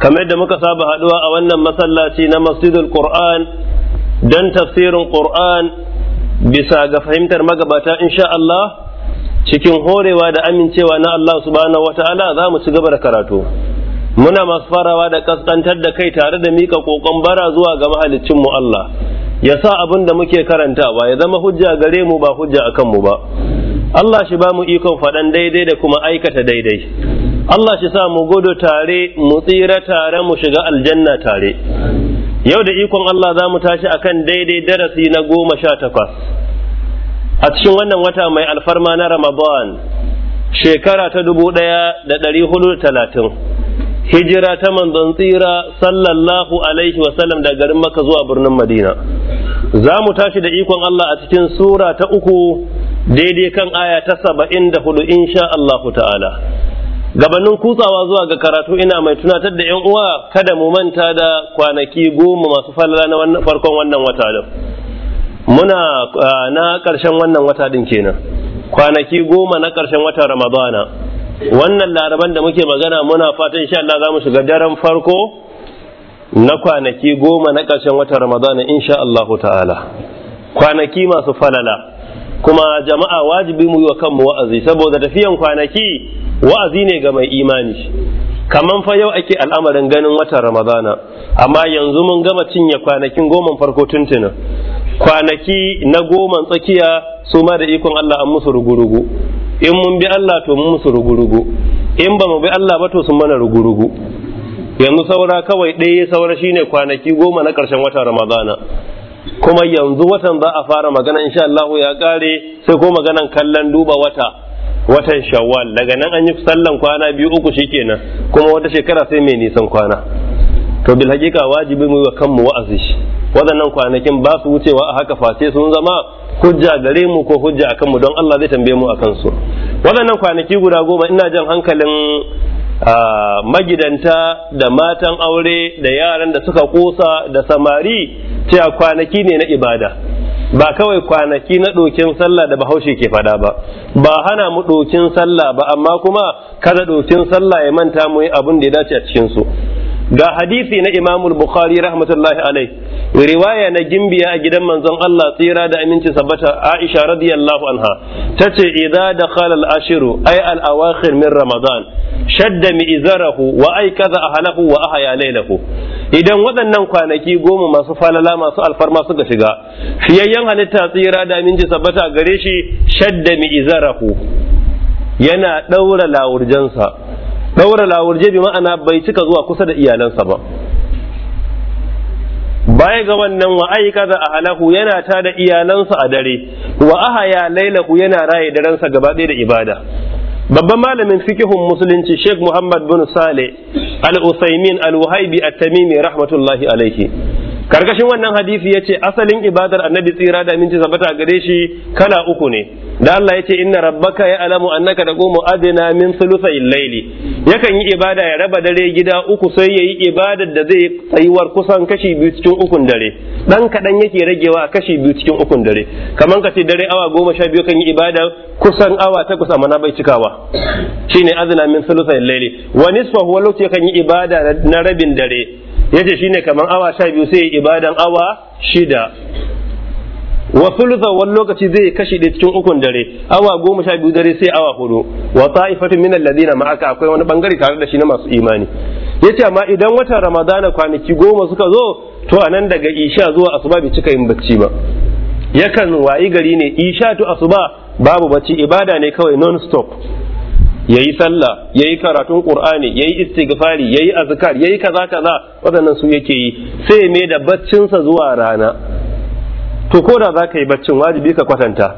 kamar da muka saba haduwa a wannan masallaci na masjidul qur'an don tafsirin qur'an bisa ga fahimtar magabata insha Allah cikin horewa da amincewa na Allah subhanahu wata'ala za mu ci gaba da karatu muna masu farawa da kaskantar da kai tare da mika kokon bara zuwa ga mahaliccin mu Allah ya sa abin da muke karantawa ya zama hujja gare mu ba hujja akan mu ba Allah shi ba mu ikon faɗan daidai da kuma aikata daidai Allah shi sa mu gudu tare mu tsira tare mu shiga aljanna tare yau da ikon Allah za mu tashi a kan daidai darasi na goma sha takwas a cikin wannan wata mai alfarma na Ramadan shekara ta dubu ɗaya da ɗari hudu talatin hijira ta manzon tsira sallallahu alaihi wasallam da garin maka zuwa birnin madina za mu tashi da ikon Allah a cikin sura ta uku daidai kan aya ta saba'in da hudu insha Allahu ta'ala gabanin kutsawa zuwa ga karatu ina mai tunatar da yan uwa kada mu manta da kwanaki goma masu falala na wannan farkon wannan wata din muna na ƙarshen wannan wata din kenan kwanaki goma na ƙarshen wata ramadana wannan laraban da muke magana muna fatan insha Allah za mu shiga daren farko na kwanaki goma na ƙarshen wata ramadana insha Allah ta'ala kwanaki masu falala kuma jama'a wajibi mu yi wa kanmu wa'azi saboda tafiyan kwanaki wa'azi ne ga mai imani kaman fa yau ake al'amarin ganin watan ramadana amma yanzu mun gama cinye kwanakin goma farko tuntunan kwanaki na goma tsakiya su ma da ikon Allah an musu rugurugu in mun bi Allah to mun musu rugurugu in ba mu bi Allah ba to sun mana rugurugu yanzu saura kawai ɗaya saura shine kwanaki goma na ƙarshen watan ramadana kuma yanzu watan za a fara magana insha Allah ya kare sai ko maganan kallon duba wata watan shawwal daga nan an yi sallan kwana biyu uku kenan, kuma wata shekara sai mai nisan kwana to bil hakika wajibi mu wa kanmu wa'azi waɗannan kwanakin ba su wucewa a haka face sun zama hujja gare mu ko hujja akan mu don Allah zai tambaye mu akan su waɗannan kwanaki guda goma ina jan hankalin magidanta da matan aure da yaran da suka kosa da samari cewa kwanaki ne na ibada ba kawai kwanaki na dokin sallah da bahaushe ke faɗa ba ba hana mu ɗokin sallah ba amma kuma kada dokin sallah ya manta mu yi abin da ya dace a cikin su ga hadisi na imamul bukhari rahmatullahi alai riwaya na gimbiya a gidan manzon Allah tsira da aminci sabata aisha radiyallahu anha tace idza dakhala al-ashiru ay al-awakhir min ramadan shadda mi'zarahu wa ay kaza ahlahu wa ahya laylahu idan waɗannan kwanaki goma masu falala masu alfarma suka shiga fiyayyen halitta tsira da aminci sabata gare shi shadda mi'zarahu yana daura lawurjansa daura lawurje bi ma'ana bai cika zuwa kusa da iyalansa ba baya ga wannan wa aika a ahalahu yana ta da iyalansa a dare wa ahaya lailahu yana raye ransa gaba ɗaya da ibada babban malamin fikihun musulunci sheikh muhammad bin sale al-usaimin al-wahibi at-tamimi rahmatullahi alaihi karkashin wannan hadisi yace asalin ibadar annabi tsira da aminci sabata gare shi kala uku ne da Allah yace inna rabbaka ya'lamu annaka taqumu adna min thuluthil layli yakan yi ibada ya raba dare gida uku sai yayi ibadar da zai tsayuwar kusan kashi biyu cikin ukun dare dan kadan yake ragewa a kashi biyu cikin ukun dare kaman ka ce dare awa goma sha biyu kan yi ibada kusan awa takwas amma na bai cikawa shine adna min thuluthil layli wa nisfahu huwa lokaci kan yi ibada na rabin dare yace shine kaman awa sha biyu sai ibadan awa shida wa thulutha wal lokaci zai kashi da cikin ukun dare awa goma sha biyu dare sai awa hudu wa ta'ifatu min alladhina ma'aka akwai wani bangare tare da shi na masu imani yace amma idan watan ramadana kwanaki goma suka zo to anan daga isha zuwa asuba bai cika yin bacci ba yakan wayi gari ne isha to asuba babu bacci ibada ne kawai non stop yayi sallah yayi karatun qur'ani yayi istighfari yayi azkar yayi kaza kaza waɗannan su yake yi sai me da baccin sa zuwa rana to ko da zaka yi baccin wajibi ka kwatanta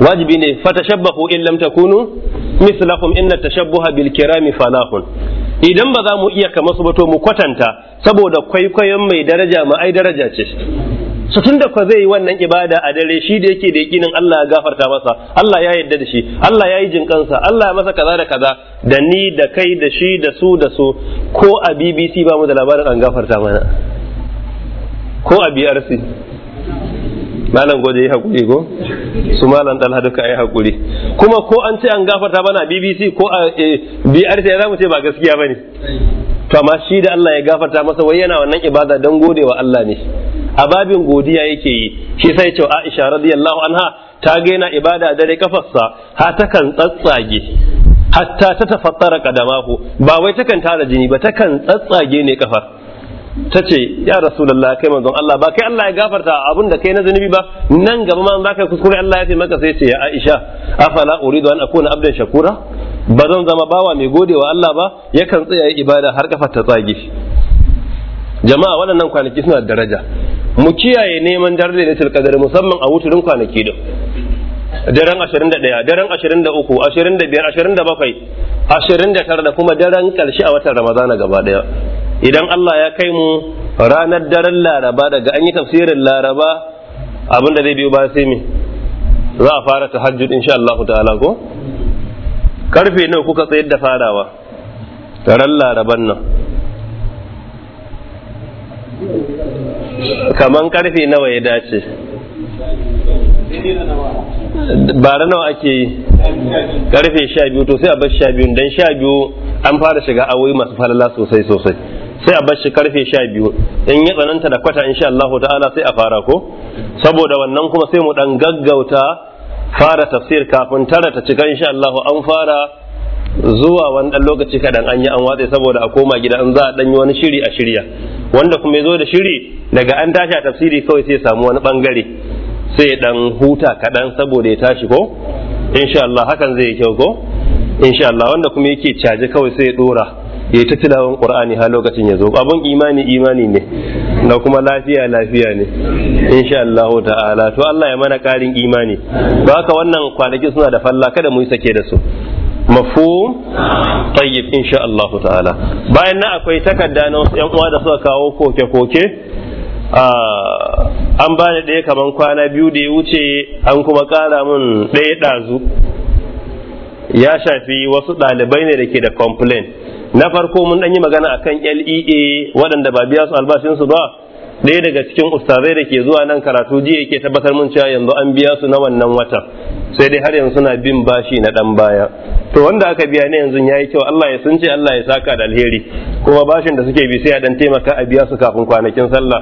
wajibi ne fatashabbahu in lam takunu mislakum inna tashabbuha bil kirami falahun idan ba za mu iya kamar su ba to mu kwatanta saboda kwaikwayon mai daraja ma ai daraja ce su tun da kwa zai yi wannan ibada a dare shi da yake da yakinin Allah ya gafarta masa Allah ya yarda da shi Allah ya yi kansa Allah ya masa kaza da kaza da ni da kai da shi da su da su ko a BBC ba mu da labarin an gafarta mana ko a BRC malam gode yi hakuri ko su malam dal haduka yi hakuri kuma ko an ce an gafarta mana a BBC ko a eh, BRC ya zamu ce ba gaskiya bane to amma shi da Allah ya gafarta masa wai yana wannan ibada don gode wa Allah ne a babin godiya yake yi shi sai ce Aisha radiyallahu anha ta ga yana ibada dare kafarsa har kan tsatsage hatta ta tafattara kadamahu ba wai takan tara jini ba ta kan tsatsage ne kafar ta ce ya rasulullah kai manzon Allah ba kai Allah ya gafarta abin da kai na zunubi ba nan gaba ma baka kuskure Allah ya ce maka sai ce ya Aisha afala uridu an akuna abdan shakura ba zan zama bawa mai godewa Allah ba yakan tsaya ibada har kafar ta tsage jama'a waɗannan kwanaki suna daraja mu kiyaye neman daren lailatul qadar musamman a wuturin kwanaki din daren 21 daren 23 25 27 29 da kuma daren karshe a watan ramadana gaba daya idan Allah ya kai mu ranar daren laraba daga an yi tafsirin laraba abin da zai biyo ba sai me za a fara tahajjud insha Allah ta'ala ko karfe nawa kuka tsayar da farawa daren laraban nan kaman karfe nawa ya dace bara nawa ake yi karfe sha biyu to sai a bar sha biyu dan sha biyu an fara shiga awoyi masu falala sosai sosai sai a bar shi karfe sha biyu in ya tsananta da kwata insha Allah ta'ala sai a fara ko saboda wannan kuma sai mu dan gaggauta fara tafsir kafin tara ta cika insha Allah an fara zuwa wani ɗan lokaci kadan an yi an watsa saboda a koma gida an za a danyi wani shiri a shirya wanda kuma ya zo da shiri daga an tashi a tafsiri kawai sai ya samu wani bangare sai dan huta kadan saboda ya tashi ko insha Allah hakan zai yi kyau ko insha Allah wanda kuma yake caje kawai sai ya dora ya ta tilawan qur'ani har lokacin ya zo abun imani imani ne da kuma lafiya lafiya ne insha Allah ta'ala to Allah ya mana karin imani ba haka wannan kwanaki suna da falla kada mu yi sake da su mafhum tayyib insha Allah ta'ala bayan na akwai takarda na wasu yan uwa da suka kawo koke-koke ah, an bani ɗaya kamar kwana biyu da ya wuce an kuma ƙara mun ɗaya ɗazu ya shafi wasu ɗalibai ne da ke da complain na farko mun ɗan yi magana akan lea waɗanda ba biya su albashinsu ba ɗaya daga cikin ustazai da ke zuwa nan karatu jiya yake tabbatar mun cewa yanzu an biya su na wannan watan sai dai har yanzu suna bin bashi na ɗan baya to wanda aka biya ne yanzu yayi kyau Allah ya sunce Allah ya saka da alheri kuma bashin da suke bi sai a dan taimaka a biya su kafin kwanakin sallah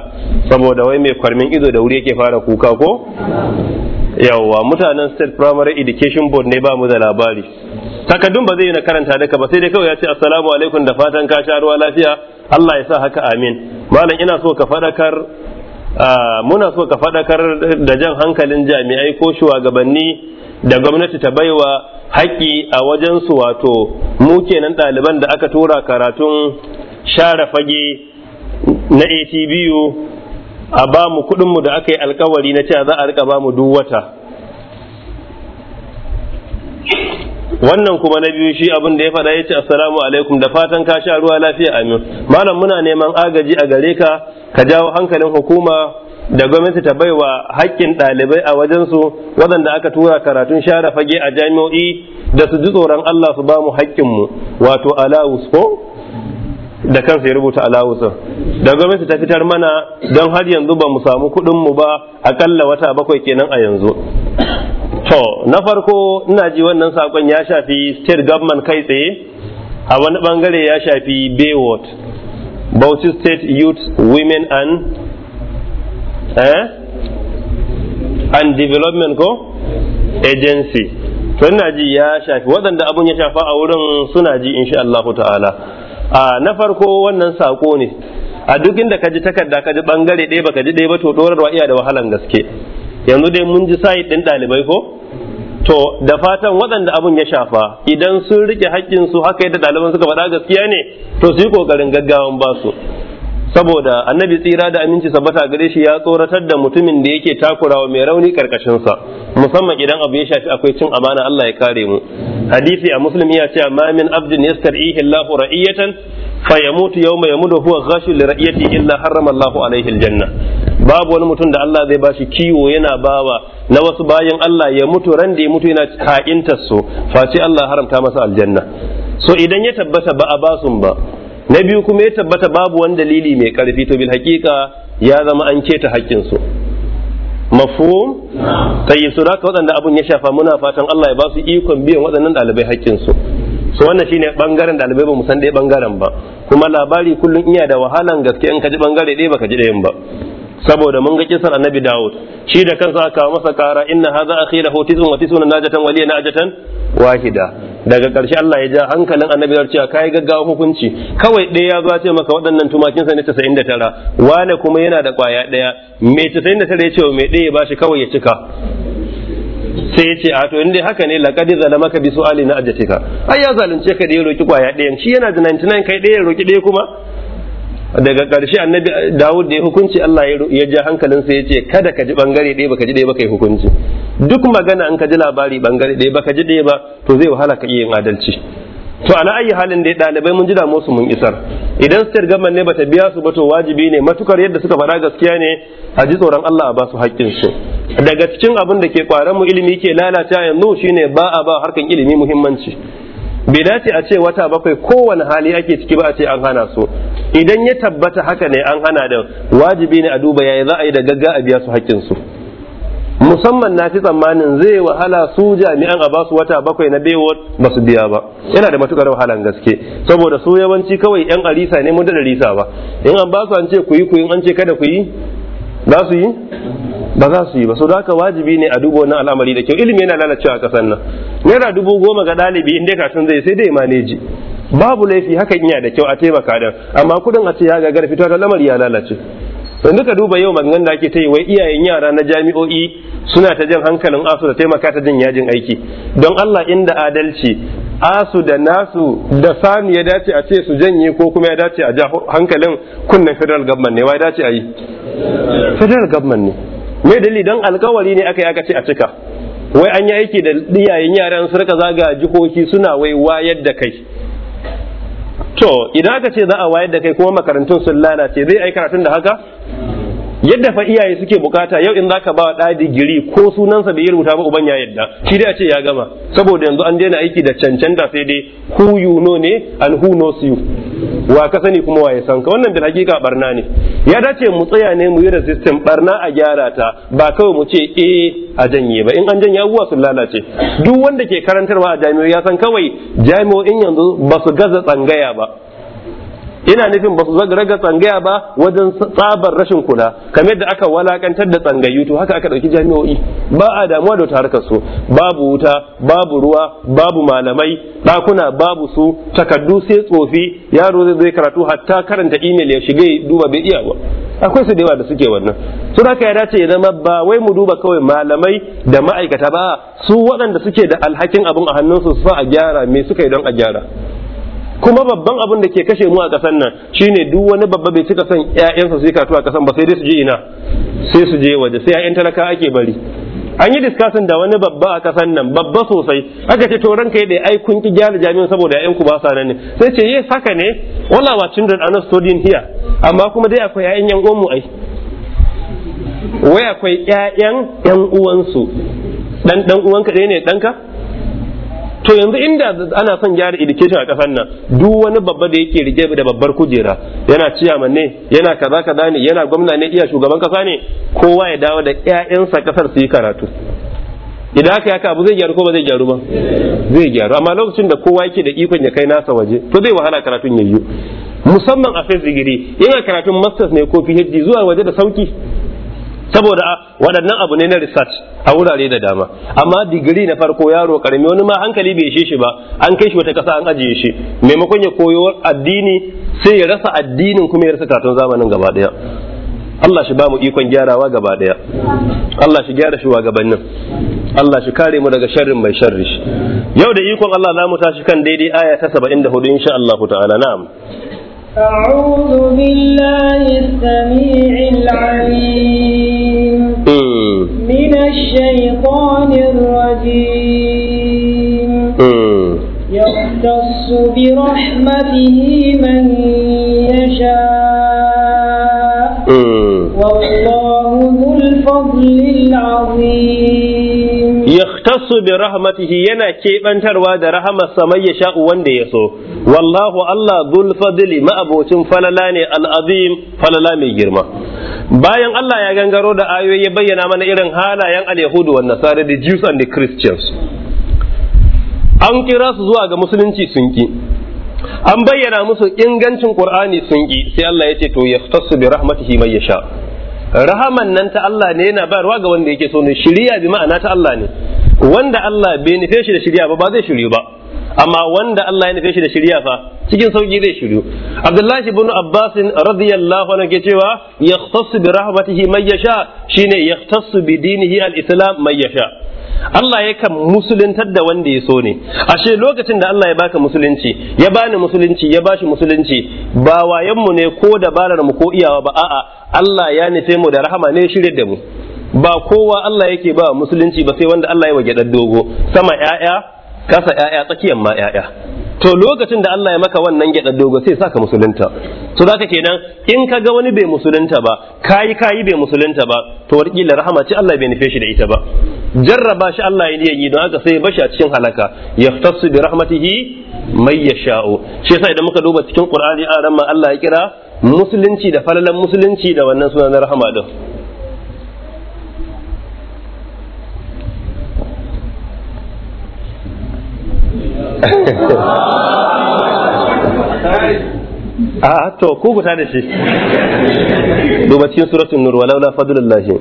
saboda wai mai kwarmin ido da wuri yake fara kuka ko yawa mutanen state primary education board ne ba mu da labari takaddun ba zai yi na karanta daka ba sai dai kawai ya ce assalamu alaikum da fatan ka sha ruwa lafiya Allah ya sa haka amin malam ina so ka fadakar muna so ka fadakar da jan hankalin jami'ai ko shugabanni da gwamnati ta baiwa haƙƙi a wajen su wato mu kenan ɗaliban da aka tura karatun share fage na ATBU a ba mu kuɗinmu da aka yi alkawari na cewa za a rika ba mu duk wata wannan kuma na biyu shi abin da ya faɗa ya ce assalamu alaikum da fatan ka sha ruwa lafiya amin malam muna neman agaji a gare ka ka jawo hankalin hukuma da gwamnati ta baiwa haƙƙin ɗalibai a wajensu waɗanda aka tura karatun share fage a jami'o'i da su ji tsoron Allah su ba mu haƙƙinmu wato ala ko da kansa ya rubuta alawusin da gwamnati ta fitar mana don har yanzu ba mu samu kuɗin mu ba akalla wata bakwai kenan a yanzu to na farko ina ji wannan sakon ya shafi state government kai tsaye a wani bangare ya shafi bayward bauchi state youth women and eh, and development ko agency to ina ji ya shafi waɗanda abun ya shafa a wurin suna ji insha Allah ta'ala na farko wannan sako ne a duk inda ka ji takarda ka ji bangare ɗaya baka ji ɗaya ba to dorarwa iya da wahalan gaske yanzu dai mun ji sayi ɗin ɗalibai ko to da fatan waɗanda abun ya shafa idan sun rike haƙƙinsu haka yadda ɗaliban suka faɗa gaskiya ne to su yi ƙoƙarin gaggawan ba su saboda annabi tsira da aminci sabbata gare shi ya tsoratar da mutumin da yake takurawa mai rauni karkashin sa musamman idan abu ya shafi akwai cin amana Allah ya kare mu hadisi a muslim ya ce ma min abdin yastar'ihi Allahu ra'iyatan fa yamutu yawma yamudu huwa ghashu li ra'iyati illa harrama Allahu alaihi aljanna babu wani mutum da Allah zai bashi kiwo yana bawa na wasu bayan Allah ya mutu ran da ya mutu yana ha'intar su face Allah haramta masa aljanna so idan ya tabbata ba a basun ba na biyu kuma ya tabbata babu wani dalili mai karfi to bil hakika ya zama an keta hakkin su mafhum tayyib su haka waɗanda abun ya shafa muna fatan Allah ya ba su ikon biyan waɗannan ɗalibai hakkin su so wannan shine bangaren ɗalibai ba mu san ɗaya bangaren ba kuma labari kullun iya da wahalan gaske in ka ji bangare ɗaya baka ji ɗayan ba saboda mun ga kisar annabi Dawud shi da kansa aka masa kara inna hadha akhi lahu tis'un wa tisun najatan wa liya najatan wahida daga ƙarshe Allah ya ja hankalin annabi da cewa kai gaggawa hukunci kawai ɗaya ya zo ce maka waɗannan tumakin sa ne 99 wane kuma yana da ƙwaya ɗaya mai 99 ya ce mai ɗaya ba shi kawai ya cika sai ya ce a to inda haka ne laqad zalamaka bi su'ali na ajatika ai ya zalunce ka da ya roki ƙwaya ɗayan shi yana da 99 kai ɗaya ya roki ɗaya kuma daga ƙarshe annabi Dawud da ya hukunci Allah ya ja hankalinsa ya ce kada ka ji bangare ɗaya baka ji ɗaya baka yi hukunci duk magana an ka ji labari bangare ɗaya baka ji ɗaya ba to zai wahala ka iya yin adalci to ana ayi halin da ɗalibai mun ji damuwarsu mun isar idan state government ne bata biya su ba to wajibi ne matukar yadda suka fara gaskiya ne a ji tsoron Allah a ba su haƙƙin su daga cikin abin da ke ƙwaron mu ilimi ke lalata yanzu shine ba a ba harkan ilimi muhimmanci bai dace a ce wata bakwai kowane hali ake ciki ba a ce an hana su idan ya tabbata haka ne an hana da wajibi ne a duba yayi za a yi da gagga a biya su haƙƙin su musamman na fi tsammanin zai wahala su jami'an a basu wata bakwai na bewa ba su biya ba yana da matukar wahalan gaske saboda su yawanci kawai yan arisa ne mun da arisa ba in an basu an ce ku yi ku an ce kada ku yi za su yi ba za su yi ba so da haka wajibi ne a duba wannan al'amari da kyau ilimi yana lalacewa kasan nan naira dubu goma ga ɗalibi in dai kasan zai sai dai maneji babu laifi hakan iya da kyau a taimaka dan amma kudin a ce ya gagara fito ta lamari ya lalace yanzu ka duba yau maganganun da ake ta yi wai iyayen yara na jami'o'i suna ta jan hankalin asu da taimaka ta jin yajin aiki don Allah inda adalci asu da nasu da sani ya dace a ce su janye ko kuma ya dace a ja hankalin kunnen federal government ne wai dace a yi federal government ne mai dalili don alkawari ne aka yi aka ce a cika wai an yi aiki da iyayen yaran su rika zaga jihohi suna wai wayar da kai to idan aka ce za a wayar da kai kuma makarantun sun lalace zai ai karatun da haka yadda fa iyaye suke bukata yau in zaka ba wa ɗa digiri ko sunansa bai rubuta ba uban ya yadda shi dai a ce ya gama saboda yanzu an daina aiki da cancanta sai dai who you know ne and who knows you wa ka sani kuma wa ya san ka wannan da hakika barna ne ya dace mu tsaya ne mu yi da system barna a gyara ta ba kawai mu ce eh a janye ba in an janye abubuwa sun lalace duk wanda ke karantarwa a jami'o ya san kawai jami'o in yanzu ba su gaza tsangaya ba ina nufin ba su raga tsangaya ba wajen tsabar rashin kula kamar yadda aka walakantar da tsangayu to haka aka dauki jami'o'i ba a damuwa da harkar su babu wuta babu ruwa babu malamai dakuna babu su takaddu sai tsofi yaro zai zai karatu hatta karanta email ya shiga duba bai iya ba akwai su da yawa da suke wannan su haka ya dace ya zama ba wai mu duba kawai malamai da ma'aikata ba su waɗanda suke da alhakin abin a hannunsu su fa a gyara me suka yi don a gyara kuma babban abin da ke kashe mu a ƙasar nan shi ne duk wani babba bai cika son ƴaƴansa su yi karatu a ƙasar ba sai dai su je ina sai su je waje sai ƴaƴan talaka ake bari an yi diskasin da wani babba a ƙasar nan babba sosai aka ce to ranka yi da ai kun ki gyara jami'an saboda 'ya'yanku ba sa nan ne sai ce yes haka ne all our children are not studying here amma kuma dai akwai ƴaƴan ƴan uwanmu ai wai akwai ƴaƴan ƴan uwansu dan dan uwanka ne ɗanka to yanzu inda ana son gyara education a kasar nan duk wani babba da yake rike da babbar kujera yana ciyaman ne yana kaza kaza ne yana gwamna ne iya shugaban kasa ne kowa ya dawo da ƴaƴansa kasar su yi karatu idan aka yaka abu zai gyaru ko ba zai gyaru ba zai gyaru amma lokacin da kowa yake da ikon ya kai nasa waje to zai wahala karatun yayyu musamman a first degree yana karatun masters ne ko phd zuwa waje da sauki saboda ah, waɗannan abu ne na research a wurare da dama amma digiri na farko yaro karami wani ma hankali bai ishe shi ba an kai shi wata ƙasa an ajiye shi maimakon ya koyo addini sai ya rasa addinin kuma ya rasa karatun zamanin gaba ɗaya Allah shi ba mu ikon gyarawa gaba ɗaya Allah shi gyara shi wa gabanin Allah shi kare mu daga sharrin mai sharri yau da ikon Allah za mu tashi kan daidai aya ta 74 insha Allah ta'ala na'am أعوذ بالله السميع العليم من الشيطان الرجيم يختص برحمته من يشاء والله ذو الفضل العظيم yakhtassu bi rahmatihi yana kebantarwa da rahamarsa mai ya sha'u wanda ya so wallahu Allah dhul fadli ma'abocin falala ne al'azim falala mai girma bayan Allah ya gangaro da ayoyi ya bayyana mana irin halayen al-yahudu wan nasara the Jews and the Christians an kira su zuwa ga musulunci sun ki an bayyana musu ingancin Qur'ani sun ki sai Allah ya ce to yaftasu bi rahmatihi man yasha rahaman nan ta Allah ne yana bayarwa ga wanda yake so ne shiriya bi ma'ana ta Allah ne wanda Allah bai nufe shi da shirya ba ba zai shiryu ba amma wanda Allah ya nufe shi da shirya fa cikin sauki zai shiryu Abdullahi ibn Abbas radiyallahu anhu ke cewa yahtassu bi rahmatihi man yasha shine yahtassu bi dinihi al-islam man yasha Allah ya kan musuluntar da wanda ya so ne ashe lokacin da Allah ya baka musulunci ya bani musulunci ya bashi musulunci ba wayenmu ne ko dabarar mu ko iyawa ba a'a Allah ya nufe mu da rahama ne shirye da mu ba kowa Allah yake ba musulunci ba sai wanda Allah ya wage dogo sama ƴaƴa kasa ƴaƴa tsakiyar ma ƴaƴa to lokacin da Allah ya maka wannan gyaɗa dogo sai saka musulunta to zaka kenan in ka ga wani bai musulunta ba kayi kayi bai musulunta ba to warkila rahama ce Allah bai nufe shi da ita ba jarraba shi Allah ya yi don haka sai bashi a cikin halaka yaftasu bi rahmatihi mai yasha'u shi yasa idan muka duba cikin Qur'ani a ran Allah ya kira musulunci da falalan musulunci da wannan sunan rahama din A'a to ku guta da shi duba cikin suratul nur walaula fadlullahi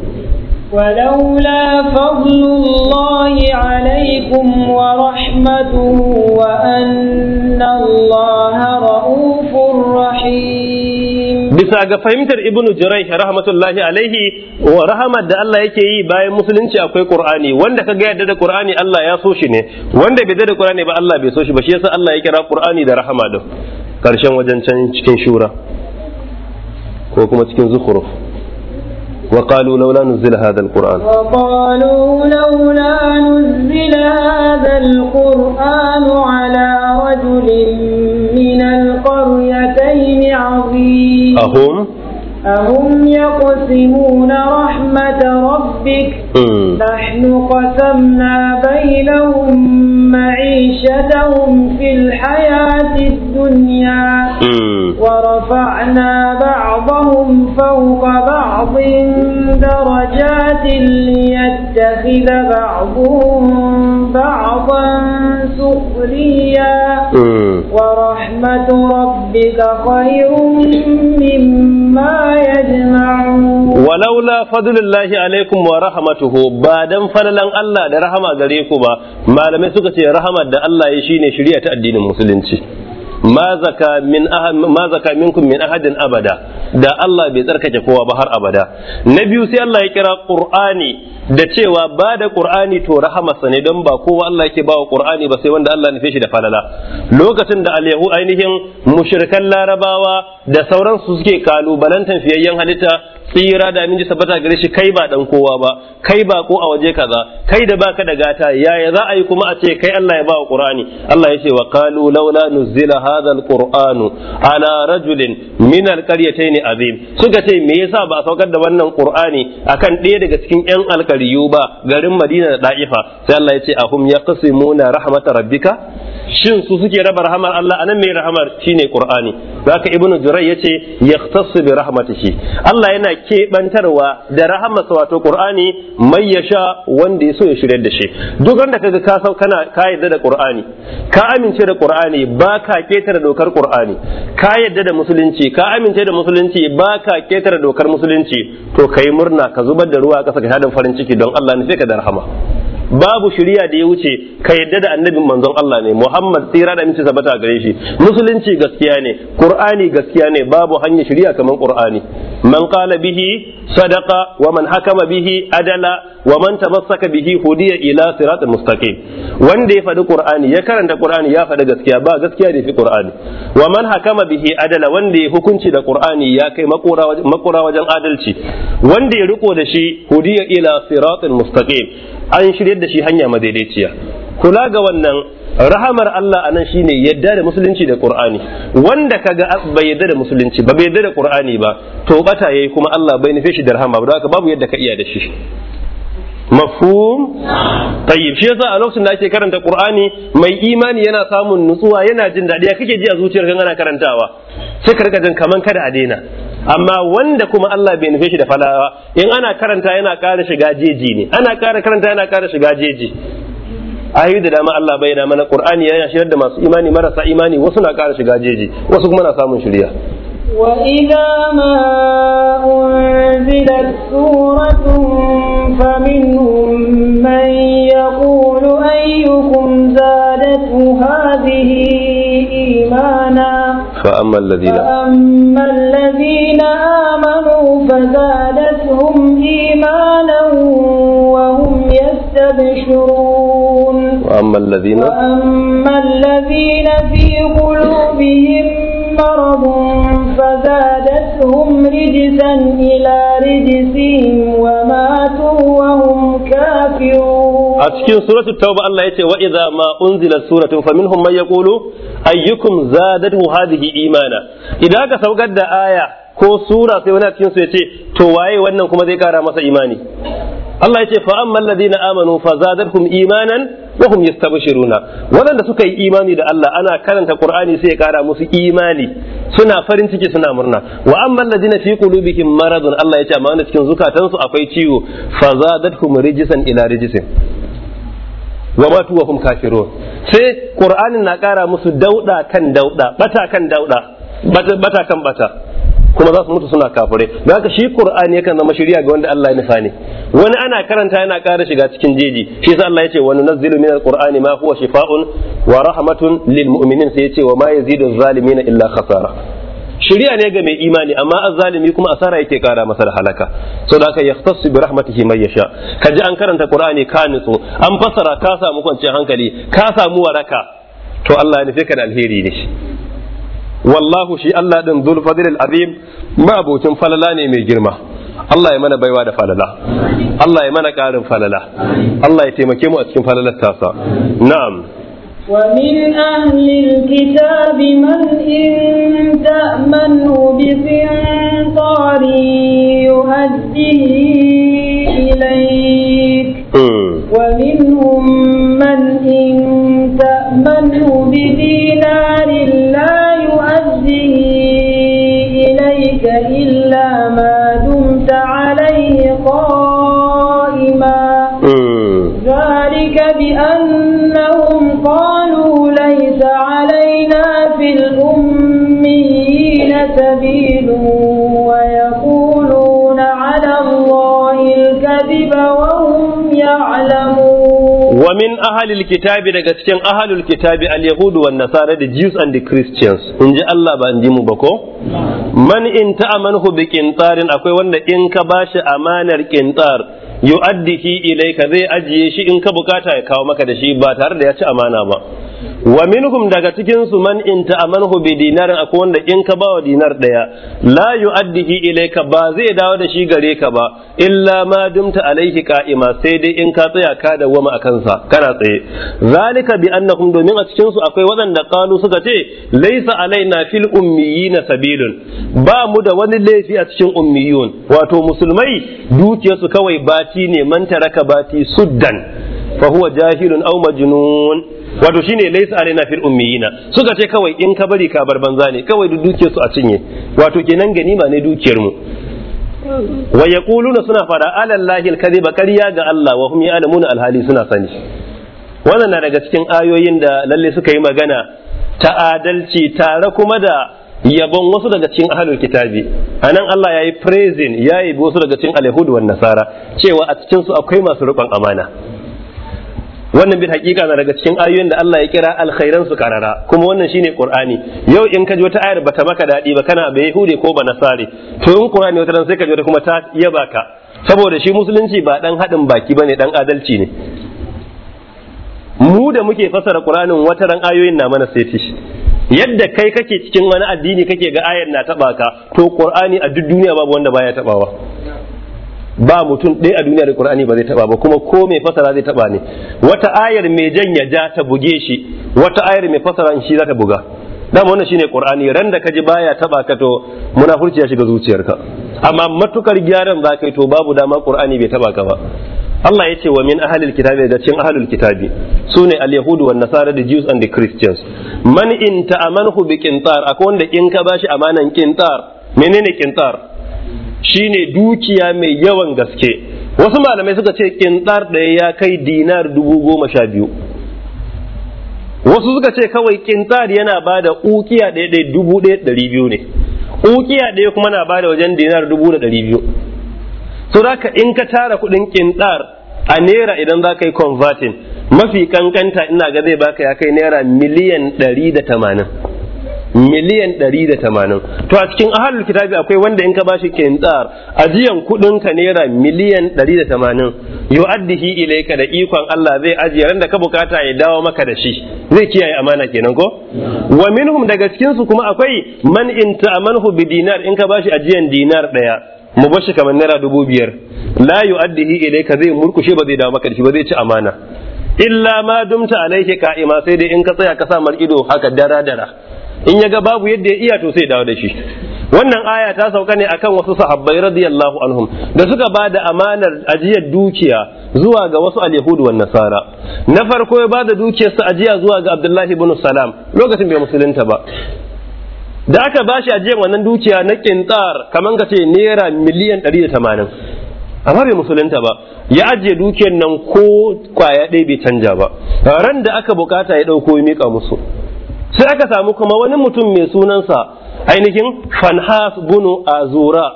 ولولا فضل الله عليكم ورحمته وأن الله رؤوف bisa ga fahimtar ibnu jurai rahmatullahi alaihi wa rahamar da Allah yake yi bayan musulunci akwai qur'ani wanda ka ga yadda da qur'ani Allah ya so shi ne wanda bai da qur'ani ba Allah bai so shi ba shi yasa Allah ya kira qur'ani da rahama da karshen wajen can cikin shura ko kuma cikin zukhruf وقالوا لولا نزل هذا القرآن وقالوا لولا نزل هذا القرآن على رجل من القريتين عظيم أهم أهم يقسمون رحمة ربك نحن قسمنا بينهم معيشتهم في الحياة الدنيا ورفعنا بعضهم فوق بعض درجات ليتخذ بعضهم بعضا سخريا ورحمة ربك خير مما walaula fadlullahi alaikum wa rahmatuhu ba dan falalan Allah da rahama gare ku ba malamai suka ce rahamar da Allah ya shine shirya ta addinin musulunci ma zaka min minkum min ahadin abada da Allah bai tsarkake kowa ba har abada na biyu sai Allah ya kira qur'ani da cewa ba da qur'ani to rahamarsa ne don ba kowa Allah yake bawa qur'ani ba sai wanda Allah nufe shi da falala lokacin da alyahu ainihin mushrikan larabawa da sauransu suke kalubalantan fiyayyen halitta tsira da aminci tabbata gare shi kai ba dan kowa ba kai ba ko a waje kaza kai da baka da gata yaya za a yi kuma a ce kai Allah ya ba wa Qur'ani Allah ya ce wa qalu laula nuzila hadha alqur'anu ala rajulin min alqaryatayn azim suka ce me yasa ba a saukar da wannan Qur'ani akan ɗaya daga cikin ƴan alkariyu ba garin Madina da Da'ifa sai Allah ya ce ahum yaqsimuna rahmat rabbika shin su suke raba rahamar Allah anan mai rahamar shine Qur'ani zaka ibnu ya ce yaqtasu bi rahmatihi Allah yana yana keɓantarwa da rahamarsa wato Qur'ani mai ya sha wanda ya so ya shirya da shi duk wanda kaga ka sau kana ka yadda da Qur'ani ka amince da Qur'ani ba ka ketare dokar Qur'ani ka yadda da musulunci ka amince da musulunci ba ka ketare dokar musulunci to ka yi murna ka zubar da ruwa ƙasa ka hadin farin ciki don Allah ne sai ka da rahama babu shari'a da ya wuce ka yadda da annabin manzon Allah ne Muhammad tsira da mince sabata gare shi musulunci gaskiya ne Qur'ani gaskiya ne babu hanya shari'a kamar Qur'ani man qala bihi sadaqa wa man hakama bihi adala wa man tamassaka bihi hudiya ila siratal mustaqim wanda ya faɗi Qur'ani ya karanta Qur'ani ya fadi gaskiya ba gaskiya da fi Qur'ani wa man hakama bihi adala wanda ya hukunci da Qur'ani ya kai makura wajen adalci wanda ya riko da shi hudiya ila siratal mustaqim an shiryar da shi hanya madaidaiciya kula ga wannan rahamar Allah a anan shine yadda da musulunci da Qur'ani wanda kaga bai yadda da musulunci ba bai yadda da Qur'ani ba to bata yayi kuma Allah bai nufe shi da rahama ba haka babu yadda ka iya da shi mafhum tayyib shi yasa a lokacin da ake karanta Qur'ani mai imani yana samun nutsuwa yana jin daɗi kake ji a zuciyar kan ana karantawa sai ka rika jin kaman kada a daina amma wanda kuma Allah bai nufe shi da falawa in ana karanta yana ƙara shiga jeji ne ana ƙara karanta yana ƙara shiga jeji ayoyi da dama Allah bai da mana Qur'ani yana shirar da masu imani marasa imani wasu na ƙara shiga jeji wasu kuma na samun shirya وإذا ma أنزلت سورة فمنهم من يقول أيكم زادته هذه imana. فأما الذين فأما الذين آمنوا فزادتهم إيمانا وهم يستبشرون وأما الذين وأما الذين في قلوبهم مرض فزادتهم رجسا إلى رجسهم وماتوا وهم كافرون a cikin suratu tauba Allah yace wa idza ma unzila suratun faminhum man yaqulu ayyukum zadatu hadhihi imana idan aka saukar da aya ko sura sai wani a cikin su yace to waye wannan kuma zai kara masa imani Allah ya ce fa amma alladhina amanu fa zadatuhum imanan wa hum yastabshiruna waɗanda suka yi imani da Allah ana karanta Qur'ani sai ya kara musu imani suna farin ciki suna murna wa amma alladhina fi qulubihim maradun Allah ya ce amma cikin zukatansu akwai ciwo fa zadatuhum rijsan ila rijsin wa tuwa wa hum sai qur'anin na kara musu dauda kan dauda bata kan dauda bata kan bata kuma za su mutu suna kafirai don haka shi qur'ani yakan zama shari'a ga wanda Allah ya nufa ne wani ana karanta yana kara shiga cikin jeji shi yasa Allah ya ce wani nazzilu minal qur'ani ma huwa shifaa'un wa rahmatun lil mu'minin sai ya ce wa ma yazidu zalimin illa khasara shari'a ne ga mai imani amma azzalimi kuma asara yake kara masa da halaka so da aka yahtassu bi rahmatihi man yasha kaji an karanta qur'ani ka nutsu an fasara ka samu kwanciyar hankali ka samu waraka to Allah ya sai ka da alheri ne wallahu shi Allah din dhul al azim ma'abucin falala ne mai girma Allah ya mana baiwa da falala Allah ya mana karin falala Allah ya taimake mu a cikin falalar tasa na'am ومن أهل الكتاب من إن تأمنه بقنطار يهديه إليك ومنهم من إن تأمنه بدينار ahalil kitabi daga cikin ahalul kitabi al-yahudu wan nasara da Jews and the Christians in ji Allah ba ji mu ba ko man in ta'amanhu bi qintarin akwai wanda in ka bashi amanar qintar yu'addihi ilayka zai ajiye shi in ka bukata ya kawo maka da shi ba tare da ya ci amana ba wa minhum daga cikin su man in ta'amanhu bi dinar akwai wanda in ka bawa dinar daya la yu'addihi ilayka ba zai dawo da shi gare ka ba illa ma dumta alayhi qa'ima sai dai in ka tsaya ka da wama akan sa kana tsaye zalika bi annahum domin a cikin su akwai waɗanda qalu suka ce laysa alaina fil ummiyina sabilun ba mu da wani laifi a cikin ummiyun wato musulmai dukiyarsu kawai bati ne man taraka bati suddan fa huwa jahilun aw majnun wato shine laysa alaina fil ummiyina suka ce kawai in ka bari ka bar banza ne kawai duk dukiyar su a cinye wato kenan ganima ne dukiyar mu wa yaquluna suna fara alallahi alkadhiba karya ga Allah wa hum ya'lamuna alhali suna sani wannan na daga cikin ayoyin da lalle suka yi magana ta adalci tare kuma da yabon wasu daga cikin ahlul kitabi anan Allah yayi praising yayi wasu daga cikin alhud wan nasara cewa a cikin su akwai masu rubon amana wannan bi hakika na daga cikin ayoyin da Allah ya kira alkhairan su karara kuma wannan shine qur'ani yau in ka ji wata ayar bata maka dadi ba kana bai hude ko ba nasare to in qur'ani wata ran sai ka ji kuma ta yaba ka saboda shi musulunci ba dan hadin baki bane dan adalci ne mu da muke fasara qur'anin wata ran ayoyin na mana sai yadda kai kake cikin wani addini kake ga ayar na taba ka to qur'ani a duk duniya babu wanda baya tabawa ba mutum ɗaya a duniya da qur'ani ba zai taba ba kuma ko mai fasara zai taba ne wata ayar mai janya ja ta buge shi wata ayar mai fasara shi za ta buga dama wannan shine qur'ani ran da kaji baya taba ka to munafurci ya shiga zuciyarka amma matukar gyaran za kai to babu dama qur'ani bai taba ka ba Allah ya ce wa min ahalil kitabi da cin ahalul kitabi su ne al-yahudu wan nasara da jews and the christians man in ta'amanhu bi qintar akwai wanda in ka bashi amanan qintar menene qintar shine dukiya mai yawan gaske wasu malamai suka ce kintar ɗaya ya kai dinar dubu goma sha biyu wasu suka ce kawai kintar yana ba da ukiya ɗaya ɗaya dubu ɗaya ɗari biyu ne ukiya ɗaya kuma na ba da wajen dinar dubu da ɗari biyu so ka in ka tara kuɗin kintar a naira idan za ka yi converting mafi kankanta ina ga zai baka ya kai naira miliyan ɗari da tamanin miliyan tamanin to a cikin ahalul kitabi akwai wanda in ka ba bashi kintar ajiyan kudin ka naira miliyan 180 yu'addihi ilayka da ikon Allah zai ajiye ran ka bukata ya dawo maka da shi zai kiyaye amana kenan ko wa minhum daga cikin su kuma akwai man in ta'amanhu bi dinar in ka ba shi ajiyan dinar ɗaya mu bashi kamar naira dubu biyar la yu'addihi ilayka zai murkushe ba zai dawo maka da shi ba zai ci amana illa ma dumta alayhi ka'ima sai dai in ka tsaya ka sa mar ido haka dara dara in ya ga babu yadda ya iya to sai dawo da shi wannan aya ta sauka ne akan wasu sahabbai radiyallahu anhum da suka ba da amanar ajiyar dukiya zuwa ga wasu alyahudu wan nasara na farko ya ba da dukiyarsa ajiya zuwa ga abdullahi ibn salam lokacin bai musulunta ba da aka ba shi ajiyar wannan dukiya na kintar kamar ka ce naira miliyan 180 amma bai musulunta ba ya ajiye dukiyar nan ko kwaya ɗaya bai canja ba ran da aka bukata ya ɗauko ya mika musu sai aka samu kuma wani mutum mai sunansa ainihin fanhas bunu azura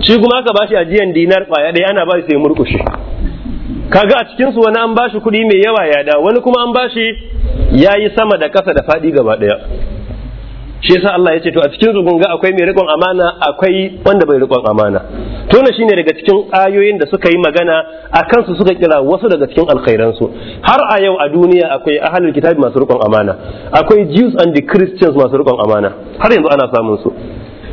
shi kuma aka bashi ajiyan dinar kwaya ɗaya ana bashi sai murkushe kaga a cikinsu wani an bashi kuɗi mai yawa ya wani kuma an bashi ya yi sama da ƙasa da faɗi gaba ɗaya shi yasa Allah ya ce to a cikin zugunga akwai mai rikon amana akwai wanda bai rikon amana to na shine daga cikin ayoyin da suka yi magana a kansu suka kira wasu daga cikin su har a yau a duniya akwai ahlul kitabi masu rikon amana akwai Jews and the Christians masu rikon amana har yanzu ana samun su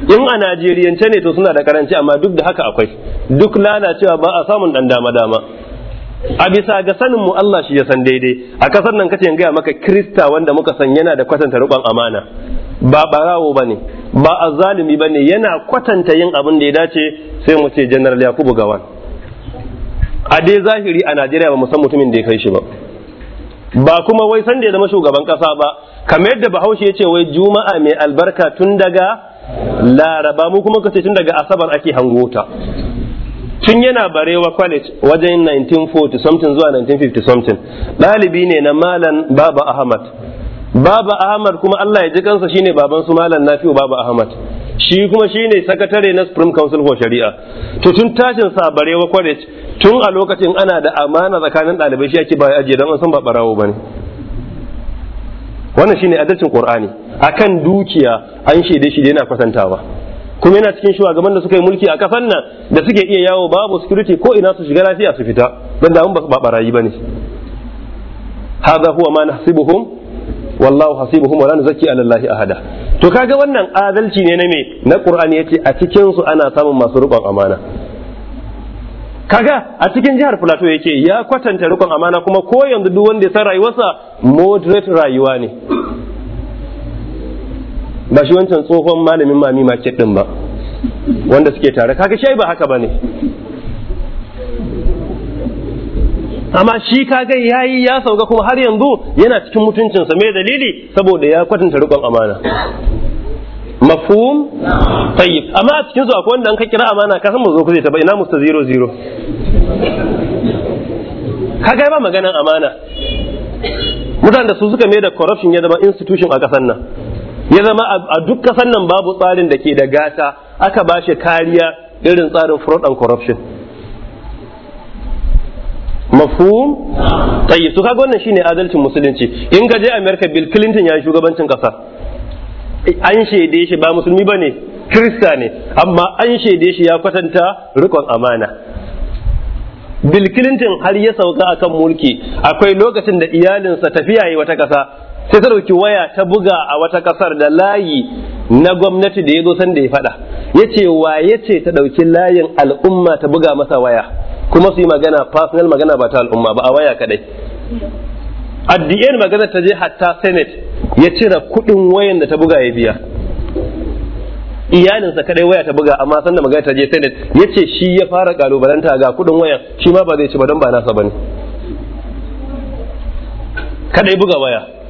in a Najeriyance ne to suna da karanci amma duk da haka akwai duk lalacewa ba a samun dan dama dama a bisa ga sanin mu Allah shi ya san daidai a kasar nan kace in gaya maka krista wanda muka san yana da kwatanta rikon amana ba barawo bane ba ba bane yana kwatanta yin abin da ya dace sai mu ce general yakubu gawan a dai zahiri a najeriya ba mu san mutumin da ya kai shi ba ba kuma wai sanda da ya zama shugaban kasa ba kamar yadda bahaushe ya ce wai juma'a mai albarka tun daga laraba mu kuma kace tun daga asabar ake hangota tun yana barewa college wajen 1940 something zuwa 1950 something ɗalibi ne na malam baba ahmad baba ahmad kuma Allah ya ji kansa shine baban su malam nafi'u baba ahmad shi kuma shine sakatare na supreme council for shari'a to tun tashin sa barewa college tun a lokacin ana da amana tsakanin ɗalibai shi yake ba ajiye don an san ba barawo bane wannan shine adalcin qur'ani akan dukiya an shaide shi yana kwatantawa kuma yana cikin shugaban da suka yi mulki a kasan nan da suke iya yawo babu security ko ina su shiga lafiya su fita dan da mun ba barayi bane hada huwa ma nahsibuhum wallahu hasibuhum wa la nuzakki ala allahi ahada to kaga wannan adalci ne na me na qur'ani yace a cikin su ana samun masu rubon amana kaga a cikin jihar plateau yake ya kwatanta rikon amana kuma ko yanzu duk wanda ya san rayuwarsa moderate rayuwa ne ba shi wancan tsohon malamin mami market din ba wanda suke tare kaga shi ba haka bane amma shi ga yayi ya sauka kuma har yanzu yana cikin mutuncinsa mai dalili saboda ya kwatanta rikon amana mafhum tayyib amma a cikin su akwai wanda an ka kira amana ka san mu zo ku zai ta bai na musta zero zero ga ba maganan amana mutanen da su suka mai da corruption ya zama institution a kasan nan ya zama a duk kasan nan babu tsarin da ke da gata aka ba shi kariya irin tsarin fraud and corruption mafhum tayi to kaga wannan shine adalcin musulunci in ka je America Bill Clinton ya yi shugabancin kasa an shaide shi ba musulmi bane kirista ne amma an shaide shi ya kwatanta rikon amana Bill Clinton har ya sauka akan mulki akwai lokacin da iyalinsa tafiya yi wata kasa sai ta dauki waya ta buga a wata kasar da layi na gwamnati da ya zo sanda ya faɗa ya ce wa ya ce ta ɗauki layin al'umma ta buga masa waya kuma su yi magana personal magana ba ta al'umma ba a waya kadai addi'in magana ta je hatta senate ya cire kuɗin wayan da ta buga ya biya iyalinsa kadai waya ta buga amma sanda magana ta je senate ya ce shi ya fara kalubalanta ga kuɗin wayan shi ma ba zai ci ba don ba nasa ba ne kadai buga waya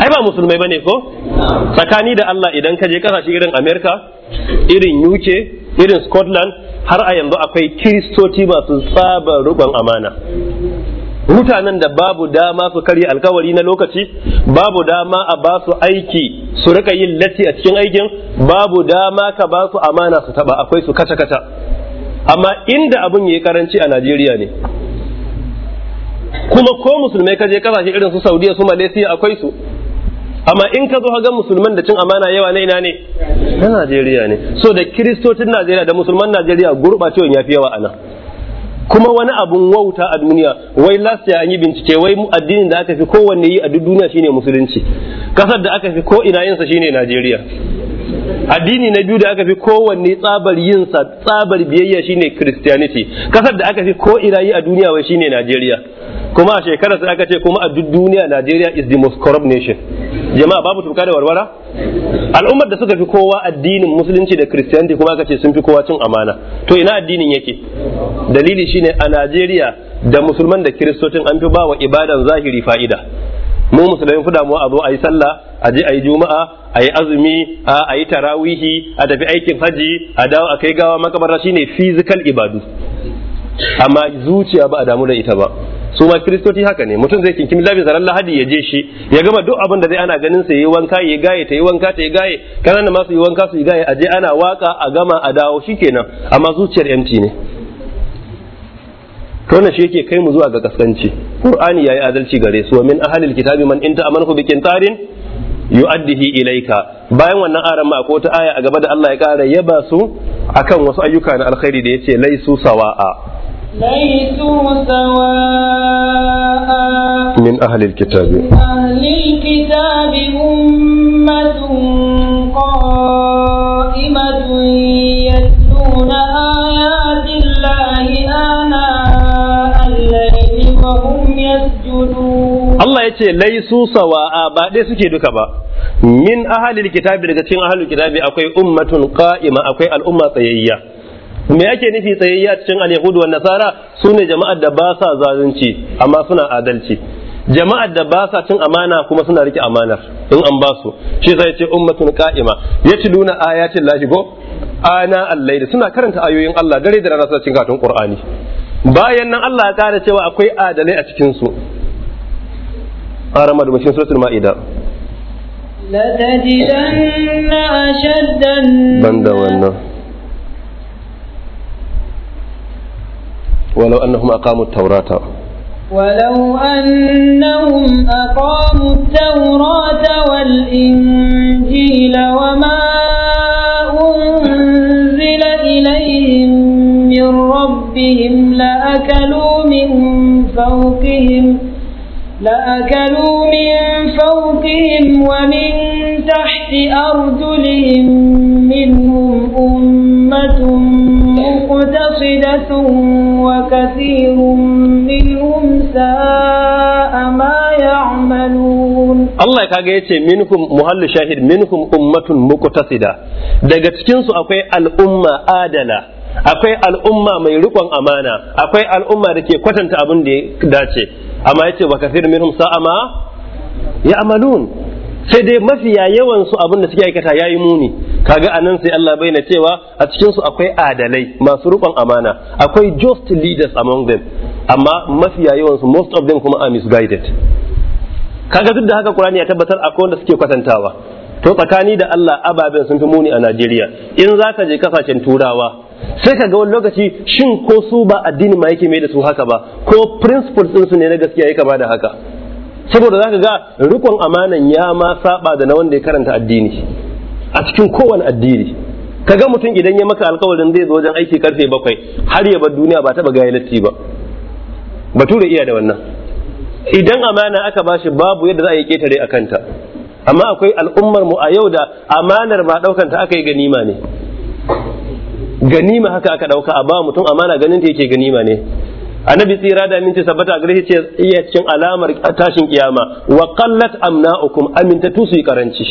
ai ba musulmai bane ko tsakani da Allah idan ka je kasashe irin America irin UK irin Scotland har a yanzu akwai kiristoci masu saba ruban amana mutanen da babu dama su karya alkawari na lokaci babu dama a ba su aiki su rika yin latti a cikin aikin babu dama ka ba su amana su taba akwai su kata kata. amma inda abin ya yi karanci a najeriya ne kuma ko musulmai ka je kasashe irin su saudiya su malaysia akwai su amma in ka zo ga musulman da cin amana yawa na ina ne na najeriya ne so da kiristocin najeriya da musulman najeriya gurɓacewan ya fi yawa ana kuma wani abun wauta a duniya wai last ya yi bincike wai addinin da aka fi kowanne yi a duk duniya shine musulunci kasar da aka fi ko ina yinsa shine najeriya addini na biyu da aka fi kowanne tsabar yinsa tsabar biyayya shine christianity kasar da aka fi ko ina yi a duniya wai shine najeriya kuma a shekarar sai aka ce kuma a duk duniya Najeriya is the most corrupt nation jama'a babu tuka da warwara al'ummar da suka fi kowa addinin musulunci da kristiyanci kuma aka ce sun fi kowa cin amana to ina addinin yake dalili shine a Najeriya da musulman da kiristocin an fi bawa ibadan zahiri fa'ida mu musulmai fi damuwa a zo a yi sallah a je a yi juma'a a yi azumi a yi tarawihi a tafi aikin haji, a dawo a kai gawa makabarta shine physical ibadu amma zuciya ba a damu da ita ba su ma kiristoci haka ne mutum zai kinkimi labin sa lahadi ya je shi ya gama duk abin da zai ana ganin sa yayi wanka yayi gaye ta yi wanka ta yi gaye kanana ma su yi wanka su yi gaye a je ana waka a gama a dawo shi kenan. amma zuciyar empty ne to na shi yake kai mu zuwa ga kaskanci qur'ani yayi adalci gare su wa min ahlil kitabi man inta amanhu bi kintarin yu'addihi ilayka bayan wannan aran ma ko ta aya a gaba da Allah ya kara yaba su akan wasu ayyuka na alkhairi da yace laisu sawa'a layi suusawa a min al'irin ya dilla yi ya ce lai suusawa a baaɗe su ke duka ba min al'irin kitabi daga cikin al'irin kitabi akwai ummatun ƙa'ima akwai al'umma tsayayya. me ake nufi tsayayya cikin al wa nasara sune jama'ar da ba sa zalunci amma suna adalci jama'ar da ba sa cin amana kuma suna rike amanar in an ba su shi sai ce ummatun qa'ima duna ayatin lahi go ana al-layl suna karanta ayoyin Allah dare da rana suna cin gatun Qur'ani bayan nan Allah ya kara cewa akwai adalai a cikin su Aramadu mashin suratul Ma'ida لتجدن أشد الناس ولو أنهم أقاموا التوراة ولو أنهم أقاموا التوراة والإنجيل وما أنزل إليهم من ربهم لأكلوا من فوقهم لأكلوا من فوقهم ومن تحت أرجلهم منهم أمة مقتصدة وكثير منهم yace minhum muhallu shahid minhum ummatun muqtasida daga cikin su akwai al'umma adala akwai al'umma mai rikon amana akwai al'umma da ke kwatanta abin da ya dace amma yace wa kathir minhum sa'a ma ya'malun sai dai mafiya yawan su abin da suke aikata yayi muni kaga anan sai Allah bayyana cewa a cikin su akwai adalai masu rukun amana akwai just leaders among them amma mafiya yawan su most of them kuma are misguided kaga duk da haka Qur'ani ya tabbatar akwai wanda suke kwatantawa to tsakani da Allah ababen sun fi muni a Najeriya in zaka je kasashen turawa sai ka ga wani lokaci shin ko su ba addini ma yake mai da su haka ba ko principles ɗinsu ne na gaskiya yake ba da haka saboda zaka ga rukun amanan ya ma saba da na wanda ya karanta addini a cikin kowane addini kaga mutum idan ya maka alkawarin zai zo wajen aiki karfe bakwai har ya bar duniya ba taba gaya latti ba bature iya da wannan idan amana aka bashi babu yadda za a yi ketare a kanta amma akwai al'ummar mu a yau da amanar ba daukan ta aka yi ganima ne ganima haka aka dauka a ba mutum amana ganin ta yake ganima ne annabi tsira da aminci sabbata a shi ce iya cikin alamar tashin kiyama wa qallat amna'ukum aminta su yi karanci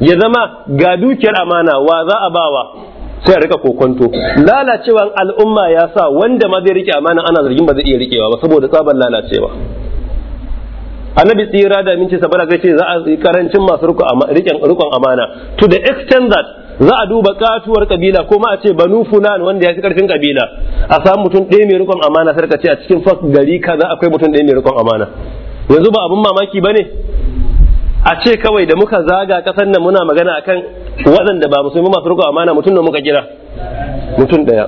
ya zama ga dukiyar amana wa za a bawa sai a rika kokonto lalacewan al'umma ya sa wanda ma zai rike amana ana zargin ba zai iya rikewa ba saboda tsaban lalacewa annabi tsira da aminci sabbata gare ce za a karancin masu rikon amana to the extent that za a duba katuwar kabila ko ma a ce banu fulan wanda ya fi karfin kabila a samu mutum ɗaya mai rikon amana ka ce a cikin fas gari kaza akwai mutum ɗaya mai rikon amana yanzu ba abun mamaki ba ne a ce kawai da muka zaga kasan nan muna magana akan waɗanda ba musulmi masu rikon amana mutum da muka kira mutum ɗaya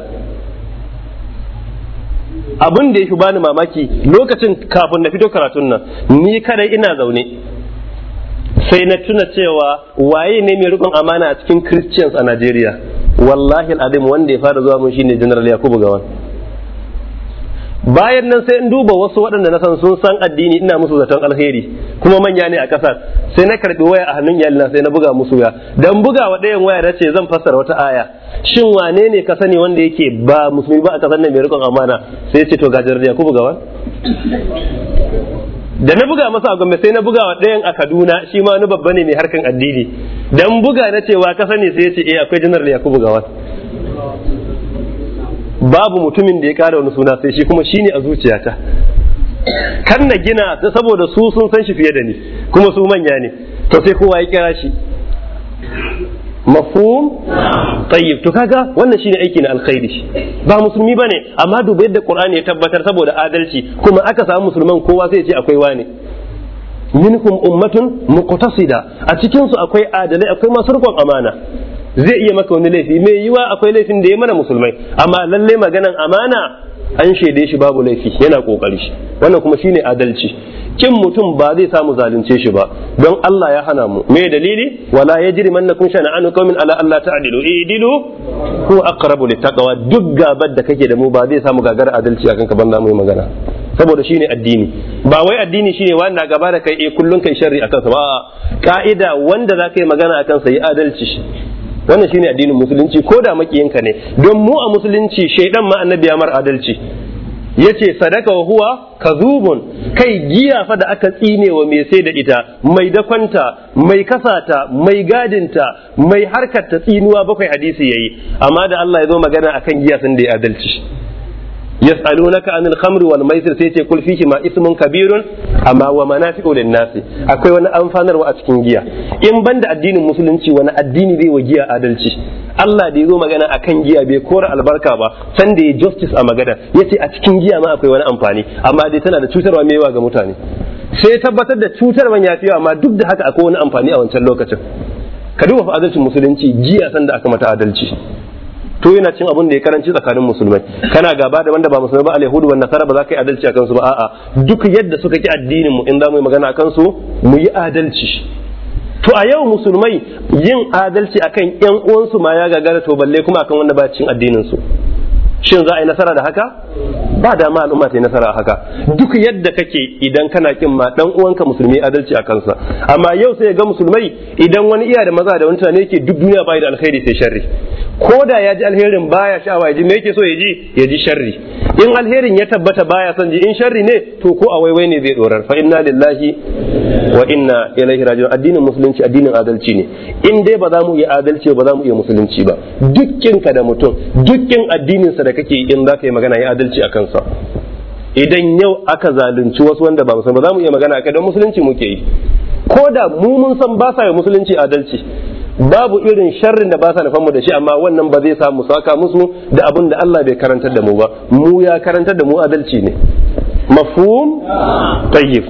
Abun da ya fi bani mamaki lokacin kafin na fito karatun nan ni kadai ina zaune sai na tuna cewa waye ne mai rikon amana a cikin christians a Najeriya wallahi al'adim wanda ya fara zuwa mun shine general yakubu gawan bayan nan sai in duba wasu waɗanda na san sun san addini ina musu zaton alheri kuma manya ne a ƙasar sai na karɓi waya a hannun iyalina sai na buga musu ya dan buga wa ɗayan waya da ce zan fassara wata aya shin wane ne ka sani wanda yake ba musulmi ba a ƙasar nan mai riƙon amana sai ya ce to ga da yakubu gawan da na buga masa a gombe sai na buga wa ɗayan a kaduna shi ma wani babba ne mai harkan addini dan buga na cewa ka sani sai ya ce eh akwai janar buga wasu babu mutumin da ya kara wani suna sai shi kuma shi ne a zuciyata kan na gina ta saboda su sun san shi fiye da ni kuma su manya ne to sai kowa ya kira shi mafhum tayyib to kaga wannan shine aiki na alkhairi ba musulmi bane amma duba yadda qur'ani ya tabbatar saboda adalci kuma aka samu musulman kowa sai ya ce akwai wane minkum ummatun muqtasida a cikin su akwai adalai akwai masu rikon amana zai iya maka wani laifi mai yiwa akwai laifin da ya mana musulmai amma lalle maganan amana an shaide shi babu laifi yana kokari wannan kuma shine adalci kin mutum ba zai samu zalunce shi ba don Allah ya hana mu me dalili wala yajri mannakum an qaumin ala Allah ta'dilu idilu ku aqrabu littaqwa duk gabar da kake da mu ba zai samu gagar adalci akan ka banda mu magana saboda shine addini ba wai addini shine wanda gaba da kai eh, kullun kai sharri akan sa ba ka'ida wanda zaka yi magana akan sa yi adalci wannan shine addinin musulunci ko da makiyinka ne don mu a musulunci shaidan ma annabi ya mar adalci yace sadaka wa huwa kazubun kai giya fa da aka tsine wa mai sai da ita mai dakwanta mai kasata mai gadinta mai harkar ta tsinuwa bakwai hadisi yayi amma da Allah ya zo magana akan giya sun da ya adalci yas'alunaka anil khamri wal maisir sai ce kul fihi ma ismun kabirun amma wa manafi'u lin nasi akwai wani amfanarwa a cikin giya in banda addinin musulunci wani addini bai wa giya adalci Allah da ya zo magana akan giya bai kora albarka ba san da ya justice a magana yace a cikin giya ma akwai wani amfani amma dai tana da cutarwa mai yawa ga mutane sai tabbatar da cutarwa ya fi amma duk da haka akwai wani amfani a wancan lokacin ka duba fa adalcin musulunci jiya san da aka mata adalci to yana cin abin da ya karanci tsakanin musulmai kana gaba da wanda ba musulmai ba alyahudu wannan nasara ba za ka yi adalci akan su ba a'a duk yadda suka ki addinin mu in za mu yi magana akan su mu yi adalci to a yau musulmai yin adalci akan yan uwansu ma ya gagara to balle kuma akan wanda ba cin addinin su shin za a yi nasara da haka ba dama al'umma ta yi nasara haka duk yadda kake idan kana kin ma dan uwanka musulmi adalci a kansa amma yau sai ga musulmai idan wani iya da maza da wani tunani yake duk duniya bai da alheri sai sharri ko da ya ji alherin baya sha'awa ji me yake so ya ji ya ji sharri in alherin ya tabbata baya son ji in sharri ne to ko a waiwai ne zai dorar fa inna lillahi wa inna ilaihi raji'un addinin musulunci addinin adalci ne in dai ba za mu yi adalci ba za mu iya musulunci ba dukkin ka da mutum dukkin addinin sa da kake in za ka yi magana ya adalci a kansa idan yau aka zalunci wasu wanda ba musulmi ba za mu iya magana akai don musulunci muke yi ko da mu mun san ba sa yi musulunci adalci babu irin sharrin da ba sa nufan mu da shi amma wannan ba zai sa mu saka musu da abin da Allah bai karantar da mu ba mu ya karantar da mu adalci ne mafhum tayyib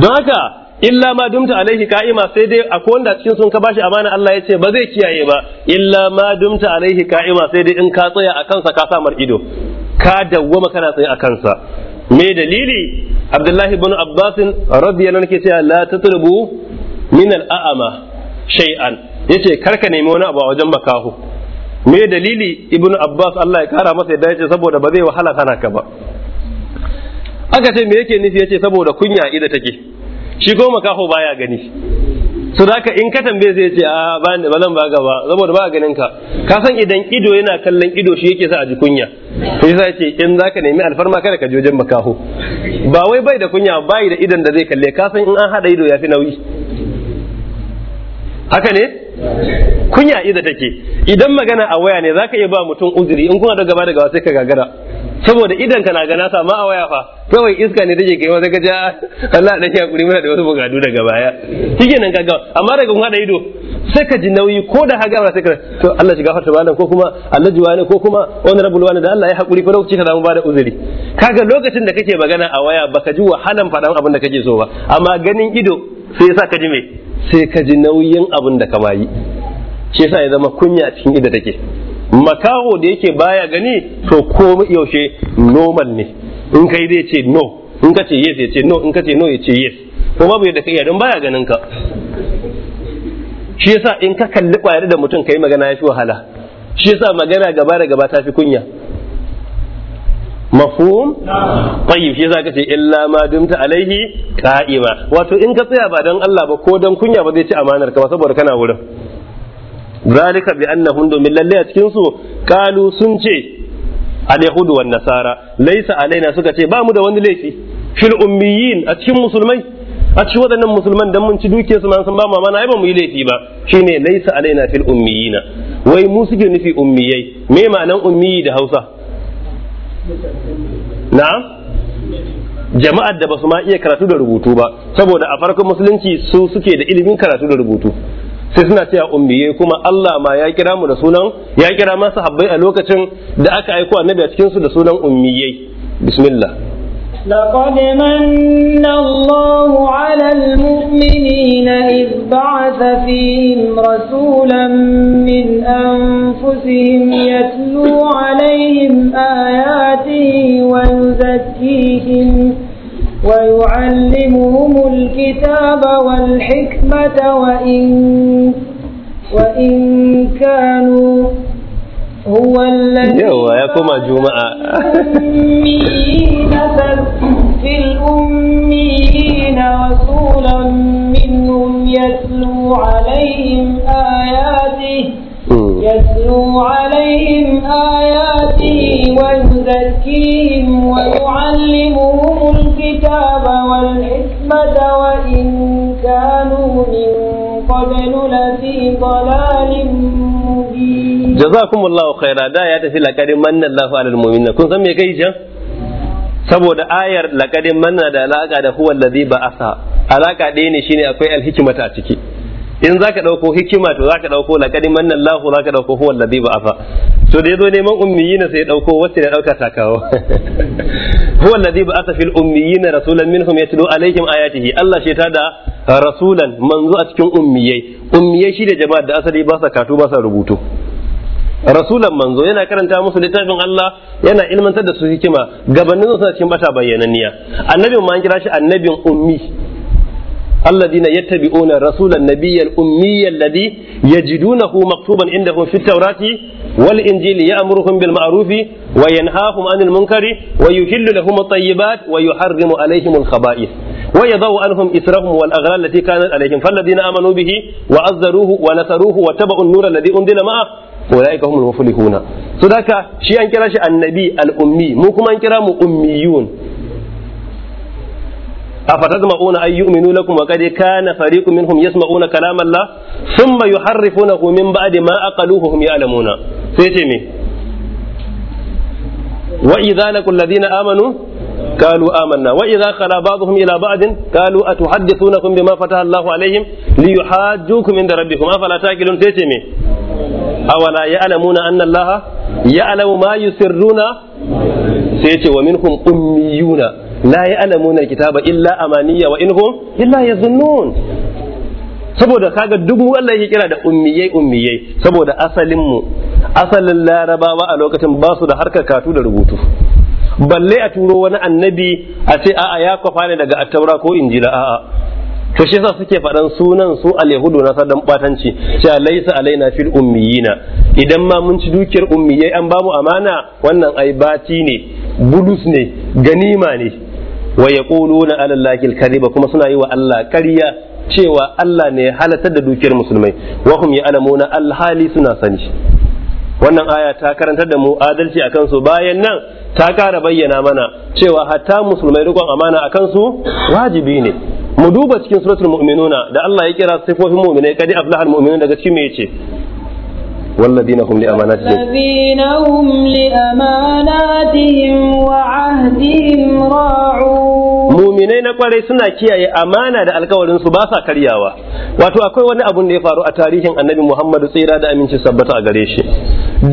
don haka illa ma dumta alaihi ka'ima sai dai akwai wanda cikin sun ka bashi amana Allah ya ce ba zai kiyaye ba illa ma dumta alaihi ka'ima sai dai in ka tsaya a kansa ka samar ido ka dawwama kana tsaye a kansa me dalili abdullahi ibn abbas radiyallahu anhu ke cewa la tatrubu min a'ama shay'an yace karka nemi wani abu a wajen makaho me dalili ibn abbas Allah ya kara masa yadda yace saboda ba zai wahala kana ka ba aka ce me yake nufi yace saboda kunya ida take shi goma kaho baya gani su da in ka tambaye zai ce ah, a ba zan ba saboda ba ganin ka ka san idan ido yana kallon ido shi yake sa a ji kunya to yasa ce in zaka nemi alfarma kada ka je wajen makaho ba wai bai da kunya bai da idan da zai kalle ka san in an hada ido yafi nauyi haka ne kunya ida take idan magana a waya ne zaka iya ba mutum uzuri in kuna da gaba daga sai ka gagara saboda idan kana gana sa ma a waya fa kawai iska ne take kaiwa ka ja Allah dan ya kuri mana da wasu bugadu daga baya kike nan kaga amma daga kun da ido sai ka ji nauyi ko da haga ba sai ka to Allah shiga gafarta malam ko kuma Allah jiwa ne ko kuma honorable wani da Allah ya hakuri fa lokaci ka zamu bada uzuri kaga lokacin da kake magana a waya baka ji wahalan faɗan abin da kake so ba amma ganin ido sai ya sa ka ji me sai ka ji nauyin abin da ka bayi shi yasa ya zama kunya cikin inda take makaho da yake baya gani to ko yaushe normal ne in kai zai ce no in ka ce yes ya ce no in ka ce no ya ce yes ko babu yadda ka iya baya ganin ka shi yasa in ka kalli kwayar da mutum kai magana ya fi wahala shi yasa magana gaba da gaba ta fi kunya mafhum tayyib shi zaka ce illa ma dumta alaihi qa'ima wato in ka tsaya ba dan Allah ba ko dan kunya ba zai ci amanar ka ba saboda kana wurin zalika bi annahum domin lalle a cikin su kalu sun ce al yahudu wan nasara laysa alaina suka ce ba mu da wani laifi fil ummiyin a cikin musulmai a cikin waɗannan musulman dan mun ci duke su man san ba mana ai ba mu yi laifi ba shine laysa alaina fil ummiyina wai mu suke nufi ummiyai me ma'anan ummiyi da Hausa na jama'ar da ba su ma iya karatu da rubutu ba saboda a farkon musulunci su suke da ilimin karatu da rubutu sai suna cewa ummiye kuma Allah ma ya kira mu da sunan ya kira masu habbai a lokacin da aka aiko annabi a cikin su da sunan ummiyai bismillah لقد من الله على المؤمنين إذ بعث فيهم رسولا من أنفسهم يتلو عليهم آياته ويزكيهم ويعلمهم الكتاب والحكمة وإن, وإن كانوا هو الذي يوا يا كما جمعة في الأميين رسولا منهم يتلو عليهم آياته يتلو عليهم آياته ويزكيهم ويعلمهم الكتاب والحكمة وإن كانوا من قبل لفي ضلال jazakumullahu khaira da ya tafi lakarin manna Allahu alal mu'minina kun san me kai jan saboda ayar lakarin manna da alaka da huwa allazi ba'asa alaka ɗaya ne shine akwai alhikmata a ciki in zaka ɗauko hikima to zaka dauko laqad manna Allahu zaka dauko huwa alladhi ba'atha to da yazo neman ummiyina sai ya dauko wacce da dauka ta kawo huwa alladhi ba'atha fil ummiyina rasulan minhum yatlu alaihim ayatihi Allah shi ta da rasulan manzo a cikin ummiyai ummiyai shi da jama'a da asali ba sa katu ba sa rubutu rasulan manzo yana karanta musu littafin Allah yana ilmantar da su hikima gabanin suna cikin bata bayyananniya annabin ma an kira shi annabin ummi Allah alladina yattabi'una rasulan nabiyyal ummiyyal ladhi yajidunahu maktuban indahum fit tawrati wal injili ya'muruhum bil ma'rufi wa yanhahum 'anil munkari wa yuhillu lahum at-tayyibat wa yuharrimu 'alayhim al-khaba'ith wa yadhu 'anhum israhum wal aghlal allati kanat 'alayhim falladina amanu bihi wa azzaruhu wa nasaruhu wa tabu'un nura alladhi unzila ma'a ulaika humul muflihuna so daka shi an kira shi annabi al-ummi mu kuma an kira mu ummiyun أفتطمعون أن يؤمنوا لكم وقد كان فريق منهم يسمعون كلام الله ثم يحرفونه من بعد ما أقلوه هم يعلمون سيتمي وإذا لقوا الذين آمنوا قالوا آمنا وإذا خلا بعضهم إلى بعض قالوا أتحدثونكم بما فتح الله عليهم ليحاجوكم عند ربكم أفلا تاكلون سيتمي أولا يعلمون أن الله يعلم ما يسرون سيتي ومنهم أميون la ya'lamuna kitaba illa amaniya wa inhum illa yazunnun saboda kaga duk mu Allah yake kira da ummiyai ummiyai saboda asalin mu asalin larabawa a lokacin ba su da harkar katu da rubutu balle a turo wani annabi a ce a'a ya kwafa ne daga attaura ko injila a'a to shi yasa suke faɗan sunan su alyahudu na sadan batanci ce laisa alaina fil ummiyina idan ma mun ci dukiyar ummiyai an bamu amana wannan ai bati ne gudus ne ganima ne wa yaquluna ala allahi kariba kuma suna yi wa Allah ƙarya cewa Allah ne halartar da dukiyar musulmai wa hum ya'lamuna alhali suna sani wannan aya ta karantar da mu adalci a kansu bayan nan ta ƙara bayyana mana cewa hatta musulmai rikon amana a kansu wajibi ne mu duba cikin suratul mu'minuna da Allah ya kira sifofin mu'minai kadi aflahal mu'minuna daga cikin me yace والذين هم لأماناتهم الذين هم لأماناتهم وعهدهم راعون muminai na ƙwarai suna kiyaye amana da alkawarin su ba sa karyawa wato akwai wani abun da ya faru a tarihin annabi Muhammadu tsira da aminci sabbata a gare shi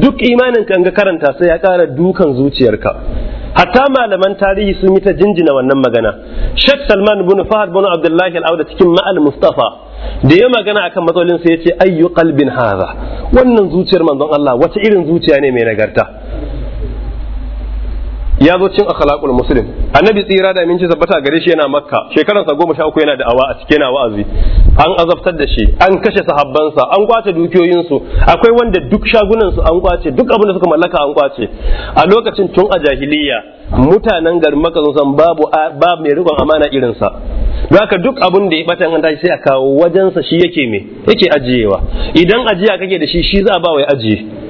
duk imanin kan ga karanta sai ya kara dukan zuciyarka hatta malaman tarihi sun yi ta jinjina wannan magana Sheikh Salman bin Fahad bin Abdullahi al-Auda cikin Ma'al Mustafa da ya magana akan matsalolin sai ya ce ayyu qalbin hadha wannan zuciyar manzon Allah wace irin zuciya ne mai nagarta ya zo cin akhlaqul muslim annabi tsira da minci tabbata gare shi yana makka shekaran sa 13 yana da awa a yana wa'azi an azabtar da shi an kashe sahabban sa. an kwace dukiyoyin su akwai wanda duk shagunan su an kwace duk abin da suka mallaka an kwace a lokacin tun a jahiliya mutanen garin makka sun san babu babu mai rikon amana irin sa don haka duk abin da ya bata an tashi sai a kawo wajensa shi yake me yake ajiyewa idan ajiya kake da shi shi za a ba wa ya ajiye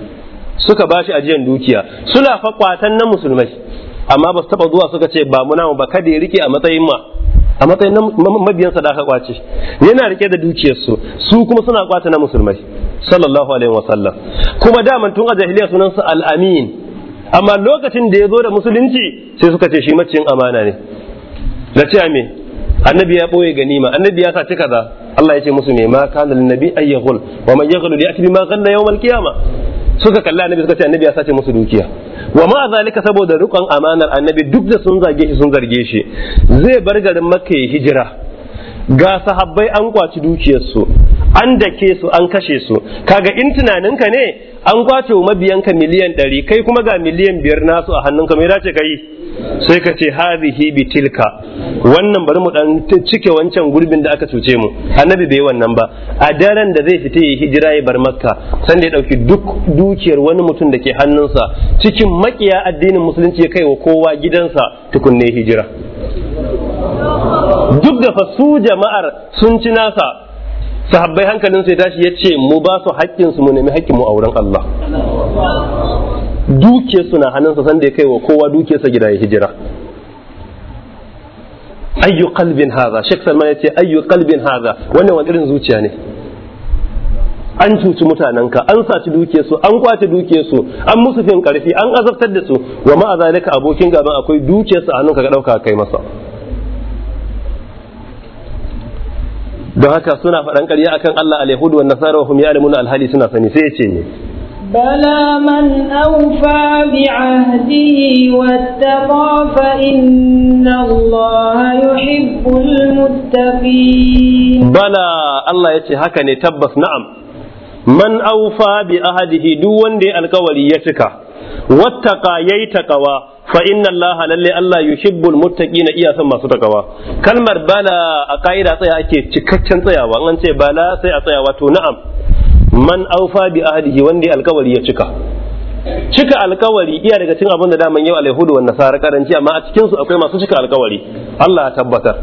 suka ba shi ajiyan dukiya suna fa kwatan na musulmai amma ba su taba zuwa suka ce ba muna ba kada ya rike a matsayin ma a matsayin mabiyan da aka kwace yana rike da dukiyarsu su kuma suna kwata na musulmai sallallahu alaihi wasallam kuma da tun a jahiliya su al-amin amma lokacin da ya zo da musulunci sai suka ce shi maciyin amana ne da ce me annabi ya boye ganima annabi ya saci kaza Allah ya ce musu me ma kana lin nabi ay yaghul wa man yaghlu ya'ti ma ghalla yawm al-qiyamah suka kalla annabi suka ce annabi ya sace musu dukiya wa ma zalika saboda rukun amanar annabi duk da sun zage shi sun zarge shi zai bar garin makka ya hijira ga sahabbai an kwaci dukiyarsu an dake su an kashe su kaga in tunaninka ne an kwace wa mabiyanka miliyan ɗari kai kuma ga miliyan biyar nasu a hannunka mai dace ka yi sai ka ce hadhihi bi tilka wannan bari mu dan cike wancan gurbin da aka cuce mu annabi bai wannan ba a daren da zai fita yi hijira ya bar makka sanda ya dauki duk dukiyar wani mutum da ke hannunsa cikin makiya addinin musulunci ya kai wa kowa gidansa tukunne hijira duk da fa su jama'ar sun ci nasa sahabbai hankalin sai tashi ya ce mu ba su haƙƙin su mu nemi haƙƙin mu a wurin Allah duke suna hannunsa sanda ya kai wa kowa duke sa gida ya hijira ayyu qalbin hadha Sheikh Salman ya ce ayyu qalbin hadha wannan wani irin zuciya ne an cuci mutanenka an saci duke su an kwace duke su an musu fin karfi an azabtar da su wa ma'a zalika abokin gaban akwai duke su a hannunka ka dauka kai masa don haka suna faɗan karya akan Allah a lehudu wa nasara wa hum ya'lamuna alhali suna sani sai ya ce bala man awfa bi ahdihi wattaqa inna Allah yuhibbul muttaqin bala Allah yace haka ne tabbas na'am man aufa bi ahadihi duk wanda ya alkawari ya cika wattaqa yayi takawa fa inna allaha lalle allah yuhibbul muttaqina iya son masu takawa kalmar bala a kaida tsaya ake cikakken tsayawa an ce bala sai a tsaya wato na'am man aufa bi ahadihi wanda ya alkawari ya cika cika alkawari iya daga cikin abin da daman yau alhudu wa nasara karanci amma a cikin su akwai masu cika alkawari Allah ya tabbatar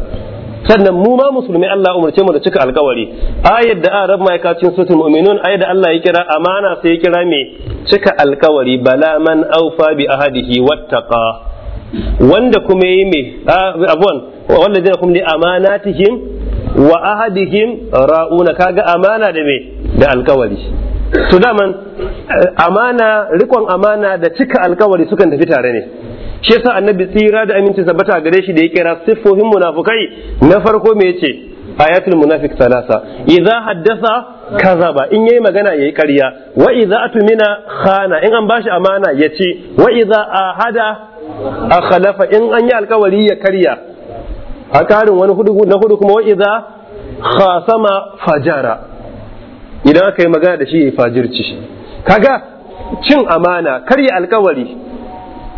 sannan mu ma musulmi Allah umarce mu da cika alkawari ayar da arab ma'aikacin sutun mu'minun ayar da Allah ya kira amana sai ya kira me cika alkawari bala man aufa bi ahadihi wattaqa wanda kuma yi me abun ah, walladina kuma li amanatihim wa ahadihim ra'una kaga amana da me da alkawari to daman eh, amana rikon amana da cika alkawari sukan tafi tare ne shi yasa annabi tsira da aminci sabata gare shi da ya kira siffofin munafukai na farko me yace ayatul munafiq salasa idza haddasa kazaba in yayi magana yayi ƙarya wa idza atmina khana in an bashi amana yace wa idza ahada akhalafa in an yi alkawari ya karya a karin wani hudu na hudu kuma wa idza khasama fajara idan aka yi magana da shi ya fajirci kaga cin amana karya alkawari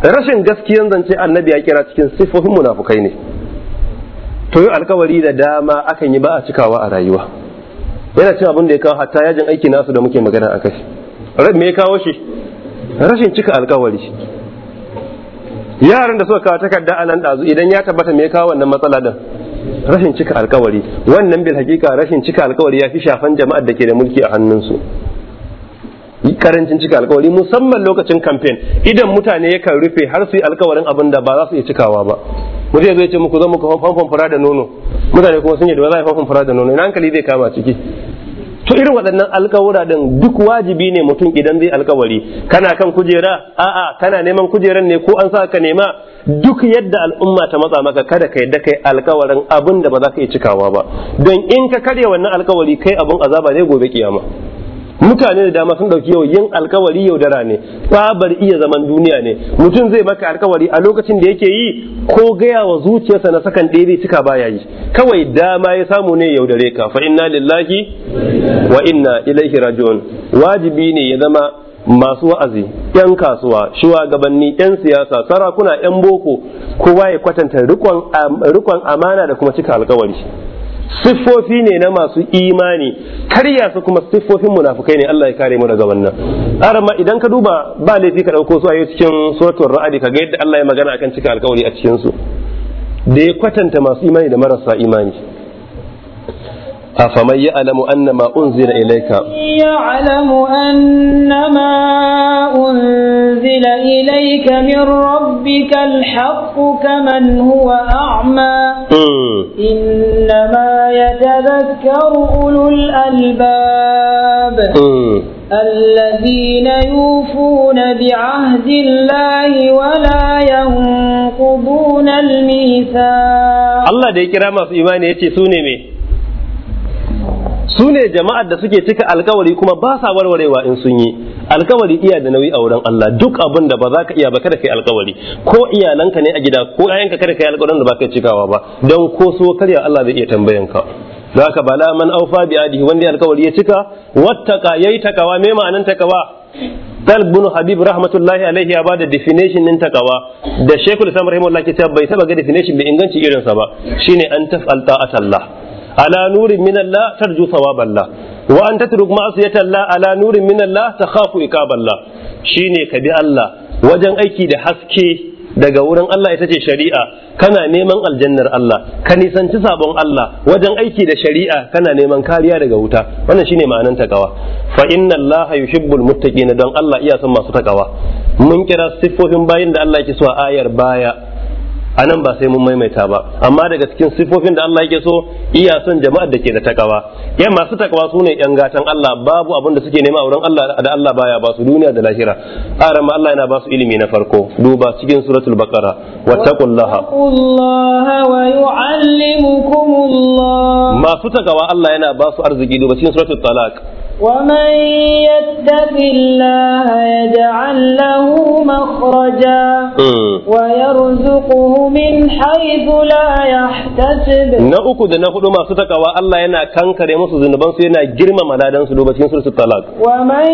rashin gaskiyan zance annabi ya kira cikin sifofin munafukai ne to yi alkawari da dama akan yi ba a cikawa a rayuwa yana cin abin da ya kawo hatta yajin aiki nasu da muke magana a kai me ya kawo shi rashin cika alkawari yaran da suka kawo takarda a nan ɗazu idan ya tabbata me ya kawo wannan matsala din rashin cika alkawari wannan bil hakika rashin cika alkawari ya fi shafan jama'ar da ke da mulki a hannunsu karancin cika alkawari musamman lokacin kamfen idan mutane kan rufe har su yi alkawarin abin da ba za su iya cikawa ba mutum zai ce muku zo muku famfon fura da nono mutane kuma sun yi da za a famfon fura da nono ina hankali zai kama ciki to irin waɗannan alkawura din duk wajibi ne mutum idan zai alkawari kana kan kujera a'a kana neman kujeran ne ko an sa ka nema duk yadda al'umma ta matsa maka kada ka yadda kai alkawarin abin da ba za ka iya cikawa ba don in ka karya wannan alkawari kai abin azaba ne gobe kiyama mutane da dama sun ɗauki yau yin alkawari yaudara ne babar iya zaman duniya ne mutum zai maka alkawari a lokacin da yake yi ko gaya wa zuciyarsa na sakan ɗaya cika baya yi kawai dama ya samu ne yaudare ka fa inna lillahi wa inna ilaihi raji'un wajibi ne ya zama masu wa'azi, ‘yan kasuwa, shugabanni, ‘yan siyasa, sarakuna, ‘yan boko, kowa ya kwatanta rikon amana da kuma cika alkawari. siffofi ne na masu imani karya su kuma siffofin munafukai ne Allah ya kare mu daga wannan arama idan ka duba ba laifi ka dauko su a cikin suratul ra'adi ka ga yadda Allah ya magana akan cika alƙawari a cikin su da ya kwatanta masu imani da marasa imani أفمن يعلم أن ما أنزل إليك يعلم أن ما أنزل إليك من ربك الحق كمن هو أعمى إنما يتذكر أولو الألباب الذين يوفون بعهد الله ولا ينقضون الميثاق الله دي كرامة إيمان يتي سوني su ne jama'ar da suke cika alkawari kuma ba sa warwarewa in sun yi alkawari iya da nauyi a wurin Allah duk abin da ba za ka iya ba kada kai alkawari ko iyalanka ne a gida ko ayanka kada kai alkawarin da ba ka cikawa ba don ko so karya Allah zai iya tambayan ka da haka bala man aufa bi adihi wanda alkawari ya cika wattaka yayi takawa me ma'anan takawa Dal bin Habib rahmatullahi alaihi ya bada definition din takawa da Sheikhul Islam rahimahullah ke bai saba ga definition bai inganci irin sa ba shine an taf'al ta'atallah ala nurin min Allah tarju thawaballah wa an tatruk ma'siyatan la ala nurin min Allah takhafu shine ka bi Allah wajen aiki da haske daga wurin Allah ita ce shari'a kana neman aljannar Allah ka nisanci sabon Allah wajen aiki da shari'a kana neman kariya daga wuta wannan shine ma'anan takawa fa inna Allah yuhibbul muttaqin don Allah iya son masu takawa mun kira siffofin bayin da Allah yake so a ayar baya a nan ba sai mun maimaita ba amma daga cikin sifofin da Allah yake so iya son jama'ar da ke da takawa yan masu takawa su ne yan gatan Allah babu abin da suke nema a wurin Allah da Allah baya ba su duniya da lahira aran ma Allah yana ba su ilimi na farko duba cikin suratul baqara wattaqullaha wa yu'allimukumullah masu takawa Allah yana ba su arziki duba cikin suratul talaq ومن يتق الله يجعل له مخرجا ويرزقه من حيث لا يحتسب na uku da na hudu masu takawa Allah yana kankare musu zunuban su yana girmama ladan su lokacin suratul talaq wa man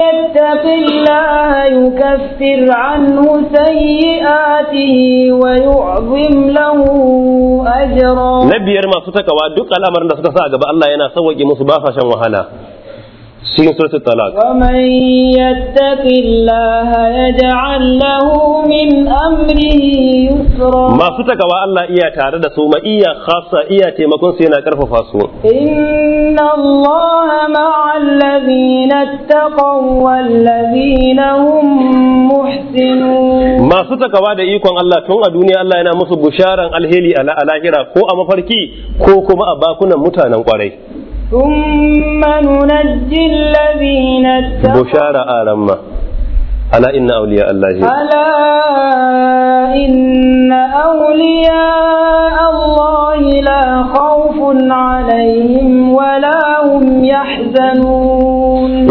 yattaqi Allah yukaffir anhu sayyi'atihi wa yu'zim lahu ajra na biyar masu takawa duk al'amarin da suka sa gaba Allah yana sauke musu ba fashan wahala cikin suratul talaq wa man yattaqillaha yaj'al lahu min amrihi yusra masu takawa Allah iya tare da su ma iya khassa iya taimakon su yana karfafa su inna Allah ma'al ladina taqaw wal hum muhsinun masu takawa da ikon Allah tun a duniya Allah yana musu busharan alheri a lahira ko a mafarki ko kuma a bakunan mutanen kwarai ثم ننجي الذين اتقوا بشارة آلما ألا إن أولياء الله ألا إن أولياء الله لا خوف عليهم ولا هم يحزنون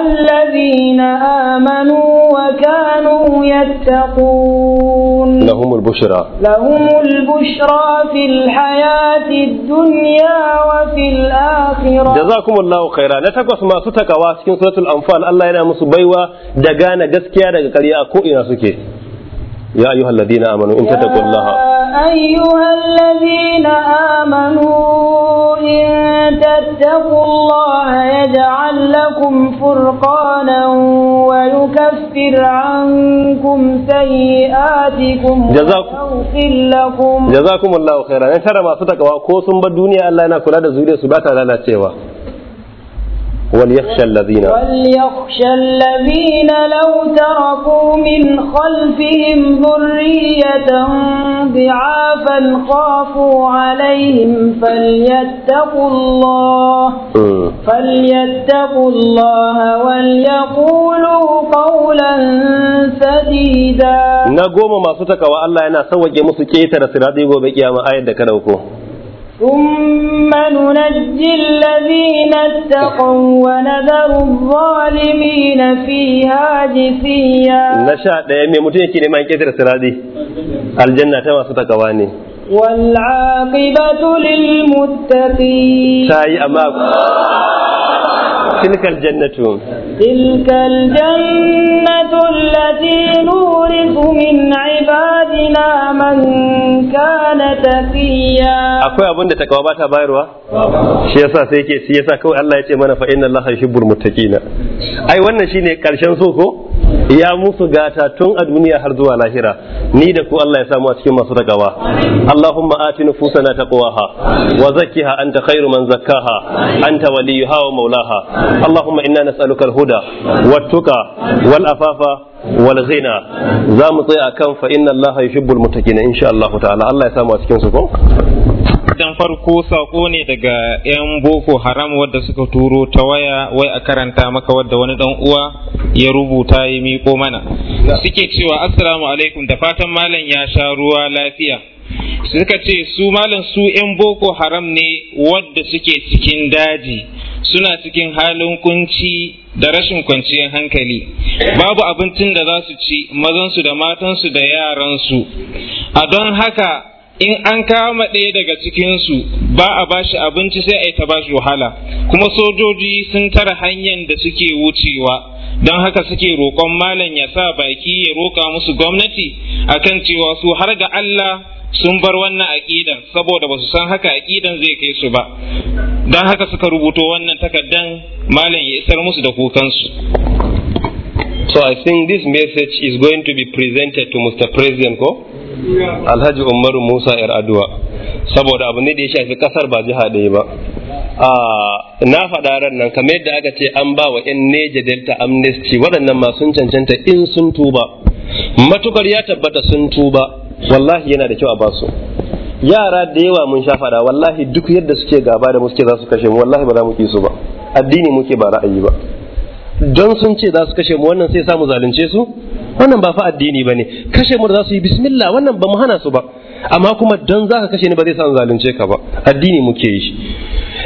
الذين آمنوا وكانوا يتقون لهم البشرى لهم البشرى في الحياة الدنيا وفي الآخرة جزاكم الله خيرا نتقوس ما ستكوا سكين سورة الأنفال الله ينا مسبيوا دقانا قسكيا دقاقريا كوئنا سكي يا أيها الذين آمنوا إن تتقوا الله أيها الذين آمنوا إن تتقوا الله يجعل لكم فرقانا ويكفر عنكم سيئاتكم ويغفر لكم جزاكم الله خيرا أن ترى ما ستكوا كوسم بالدنيا ألا ينكو لدى زوري سباتا لا تيوا وليخشى الذين وليخشى الذين لو تركوا من خلفهم ذرية ضعافا خافوا عليهم فليتقوا الله فليتقوا الله وليقولوا قولا سديدا نقوم ما ستك والله أنا سوى جمس كيتر سرادي وبقيام آية ذكره ثم ننجي الذين اتقوا ونذر الظالمين فيها جثيا نشاء ده مي متين كده ما يكثر سرادي الجنه تما ستكواني والعاقبة للمتقين شاي أمام تلك الجنة تلك الجنة التي نورث من عبادنا من كان تقيا akwai abun da takawa bata bayarwa shi yasa sai yake shi yasa kawai Allah ya ce mana fa inna Allah muttaqina ai wannan shine karshen so ko ya musu gata tun a duniya har zuwa lahira ni da ku Allah ya samu a cikin masu takawa Allahumma ati nufusana taqwaha wa zakkiha anta khairu man zakkaha anta waliyuha wa maulaha Allahumma inna nas'aluka al-huda wat tuqa wal afafa والغنى زامطي أكم فإن الله يحب المتقين إن شاء الله تعالى الله يسامح cikin su dan farko sako ne daga 'yan boko haram wadda suka turo ta waya wai a karanta maka wadda wani dan uwa ya rubuta ya miko mana suke cewa assalamu alaikum da fatan malam ya sha ruwa lafiya suka ce su malam su 'yan boko haram ne wadda suke cikin daji suna cikin halin kunci da rashin kwanciyar hankali babu abincin da za su ci mazansu da matansu da yaran su. a don haka in an kama ɗaya daga cikinsu ba a ba shi abinci sai a yi ta ba shi wahala kuma sojoji sun tara hanyar da suke wucewa don haka suke roƙon malam ya sa baki ya roƙa musu gwamnati akan cewa su har ga Allah sun bar wannan aƙidan saboda ba su san haka aƙidan zai kai su ba don haka suka rubuto wannan takardan malam ya isar musu da kukansu So I think this message is going to be presented to Mr. President ko? Alhaji Umaru Musa ‘yar Adua, saboda abu ne da ya shafi kasar ba jiha ɗaya ba. Ah, na faɗa ran nan kamar yadda aka ce an ba wa ‘yan Neja Delta amnesty waɗannan ma sun cancanta in sun tuba, matukar ya tabbata sun tuba, wallahi yana da kyau a basu. Yara da yawa mun sha faɗa wallahi duk yadda suke gaba da mu za su kashe mu wallahi ba za mu ƙi su ba. Addini muke ba ra'ayi ba. don sun ce za su kashe mu wannan sai samu zalunce su wannan ba fa addini ba ne kashe mu da za su yi bismillah wannan ba mu hana su ba amma kuma don za ka kashe ni ba zai samu zalunce ka ba addini muke yi shi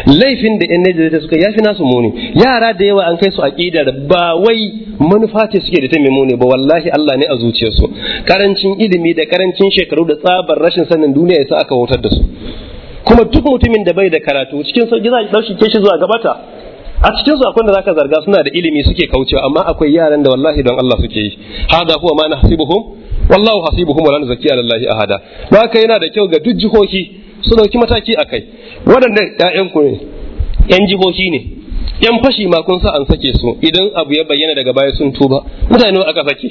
laifin da yan Najeriya suka yafi nasu muni yara da yawa an kai su aqidar ba wai manufa ce suke da ta mai muni ba wallahi Allah ne a su. karancin ilimi da karancin shekaru da tsabar rashin sanin duniya yasa aka wutar da su kuma duk mutumin da bai da karatu cikin sauki za a ɗauki shi zuwa gabata a cikin su akwai da zaka zarga suna da ilimi suke kaucewa amma akwai yaran da wallahi don Allah suke yi hada huwa ma nahsibuhum wallahu hasibuhum wa la nuzakki ala allahi ahada haka yana da kyau ga duk jihohi su dauki mataki akai waɗanda ƴaƴan ku ne ƴan jihohi ne ƴan fashi ma kun sa an sake su idan abu ya bayyana daga baya sun tuba mutane aka sake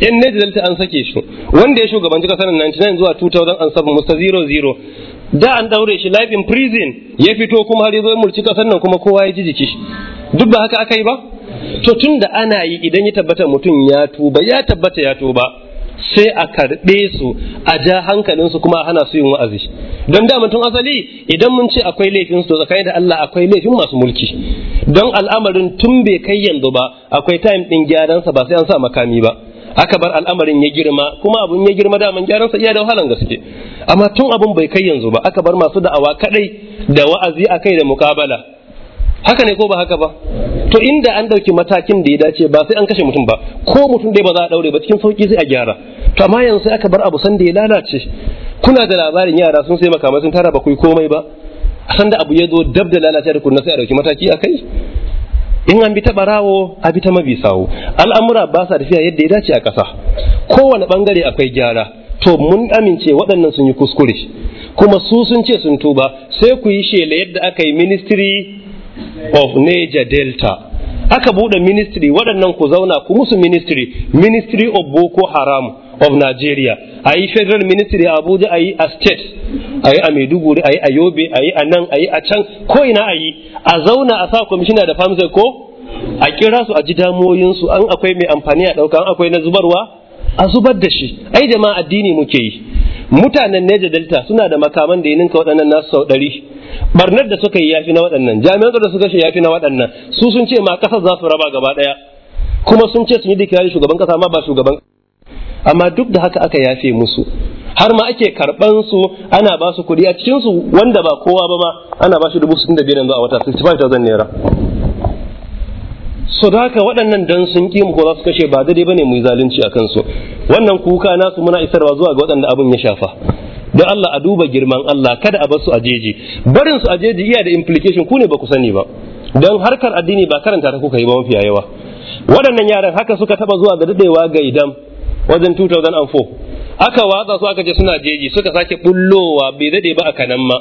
yan Niger an sake shi wanda ya shugabanci kasar 99 zuwa an 2007 Musta 00 da an daure shi life in prison ya fito kuma har ya zo mulki kasan nan kuma kowa ya ji jiki duk ba haka aka yi ba to tun da ana yi idan ya tabbata mutum ya tuba ya tabbata ya tuba sai a karɓe su a ja su kuma a hana su yin wa'azi don da mutum asali idan mun ce akwai laifin su tsakani da Allah akwai laifin masu mulki don al'amarin tun bai kai yanzu ba akwai time din gyaran sa ba sai an sa makami ba aka bar al'amarin ya girma kuma abun ya girma mun gyaran sa iya da wahalan gaske amma tun abun bai kai yanzu ba aka bar masu da'awa kadai da wa'azi akai da mukabala haka ne ko ba haka ba to inda an dauki matakin da ya dace ba sai an kashe mutum ba ko mutum dai ba za a daure ba cikin sauki sai a gyara to amma yanzu sai aka bar abu san da ya lalace kuna da labarin yara sun sai makamai sun tara ba ku komai ba san da abu ya zo dab da lalace da kunna sai a dauki mataki akai in an bi ta barawo a bi ta mabi sawo al'amura ba sa tafiya yadda ya dace a ƙasa kowane bangare akwai gyara to mun amince waɗannan sun yi kuskure kuma su sun ce sun tuba sai ku yi shela yadda aka yi ministry of Niger Delta aka buɗe ministry waɗannan ku zauna ku musu ministry ministry of Boko Haram of Nigeria a yi federal ministry a Abuja a yi a state a yi a Maiduguri a yi a Yobe a yi a nan a yi a can ko ina a yi a zauna a sa kwamishina da famsa ko a kira su a ji damoyinsu an akwai mai amfani a ɗauka an akwai na zubarwa a zubar da shi ai jama'a addini muke yi mutanen Neja Delta suna da makaman da ninka waɗannan nasu sau ɗari barnar da suka yi yafi na waɗannan jami'an da suka shi yafi na waɗannan su sun ce ma ƙasar za su raba gaba ɗaya kuma sun ce sun yi dikirari shugaban ƙasa ma ba shugaban amma duk da haka aka yafe musu har ma ake karban su ana ba su kuɗi a cikin su wanda ba kowa ba ma ana ba shi dubu sun da biyar yanzu a wata 65,000 naira so da haka waɗannan dan sun ƙi mu ko za su kashe ba daidai ba ne mu yi zalunci a kansu wannan kuka nasu muna isarwa zuwa ga waɗanda abin ya shafa don Allah a duba girman Allah kada a bar su a jeji barin su a jeji iya da implication ku ne ba ku sani ba don harkar addini ba karanta ta kuka yi ba mafiya yawa waɗannan yaran haka suka taɓa zuwa ga daɗewa ga idan. wajen 2004 aka watsa su aka ce suna jeji suka sake bullowa bai dade ba a kanan ma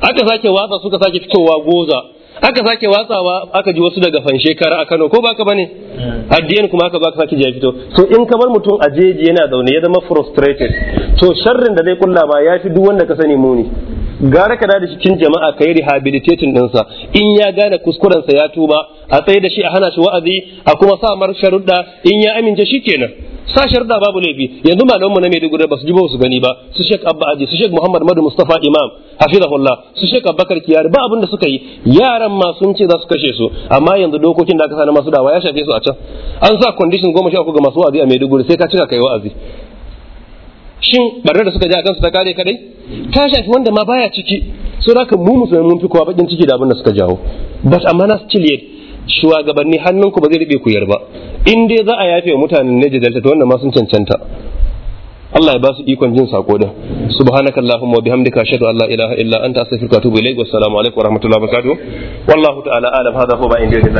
aka sake watsa suka sake fitowa goza aka sake watsawa aka ji wasu daga fan a Kano ko baka bane hmm. addiyan kuma aka baka sake jiya fito so in kamar mutum a jeji yana zaune ya zama frustrated to sharrin da zai kulla ma ya fi duk wanda ka sani muni gara ka da cikin jama'a ka yi rehabilitating ɗinsa in ya gane kuskurensa ya tuba a tsaye da shi a hana shi wa'azi a kuma sa mar sharuɗa in ya amince shi kenan Sashar da babu laifi yanzu malamanmu na Maiduguri ba su ji ba su gani ba su Sheikh Abba Aji su Sheikh Muhammad Madu Mustafa Imam hafizahullah su Sheikh Abubakar Kiyari ba abin da suka yi yaran ma sun ce za su kashe su amma yanzu dokokin da aka sa na masu dawa ya shafe su a can an sa condition goma sha uku ga masu wa'azi a Maiduguri sai ka cika kai wa'azi shin barnar da suka ji a kansu ta kare kadai ta shafi wanda ma baya ciki so da mu musulmi mun fi kowa bakin ciki da abin da suka jawo but amma na still yet shugabanni hannunku ba zai rube ku yarba in dai za a yafe wa mutanen ne Delta to wannan ma sun cancanta Allah ya ba su ikon jin sako da subhanaka wa bihamdika ashhadu an la ilaha illa anta astaghfiruka wa atubu ilaik wa assalamu alaikum wa rahmatullahi wa barakatuh wallahu ta'ala alam hadha huwa ba'in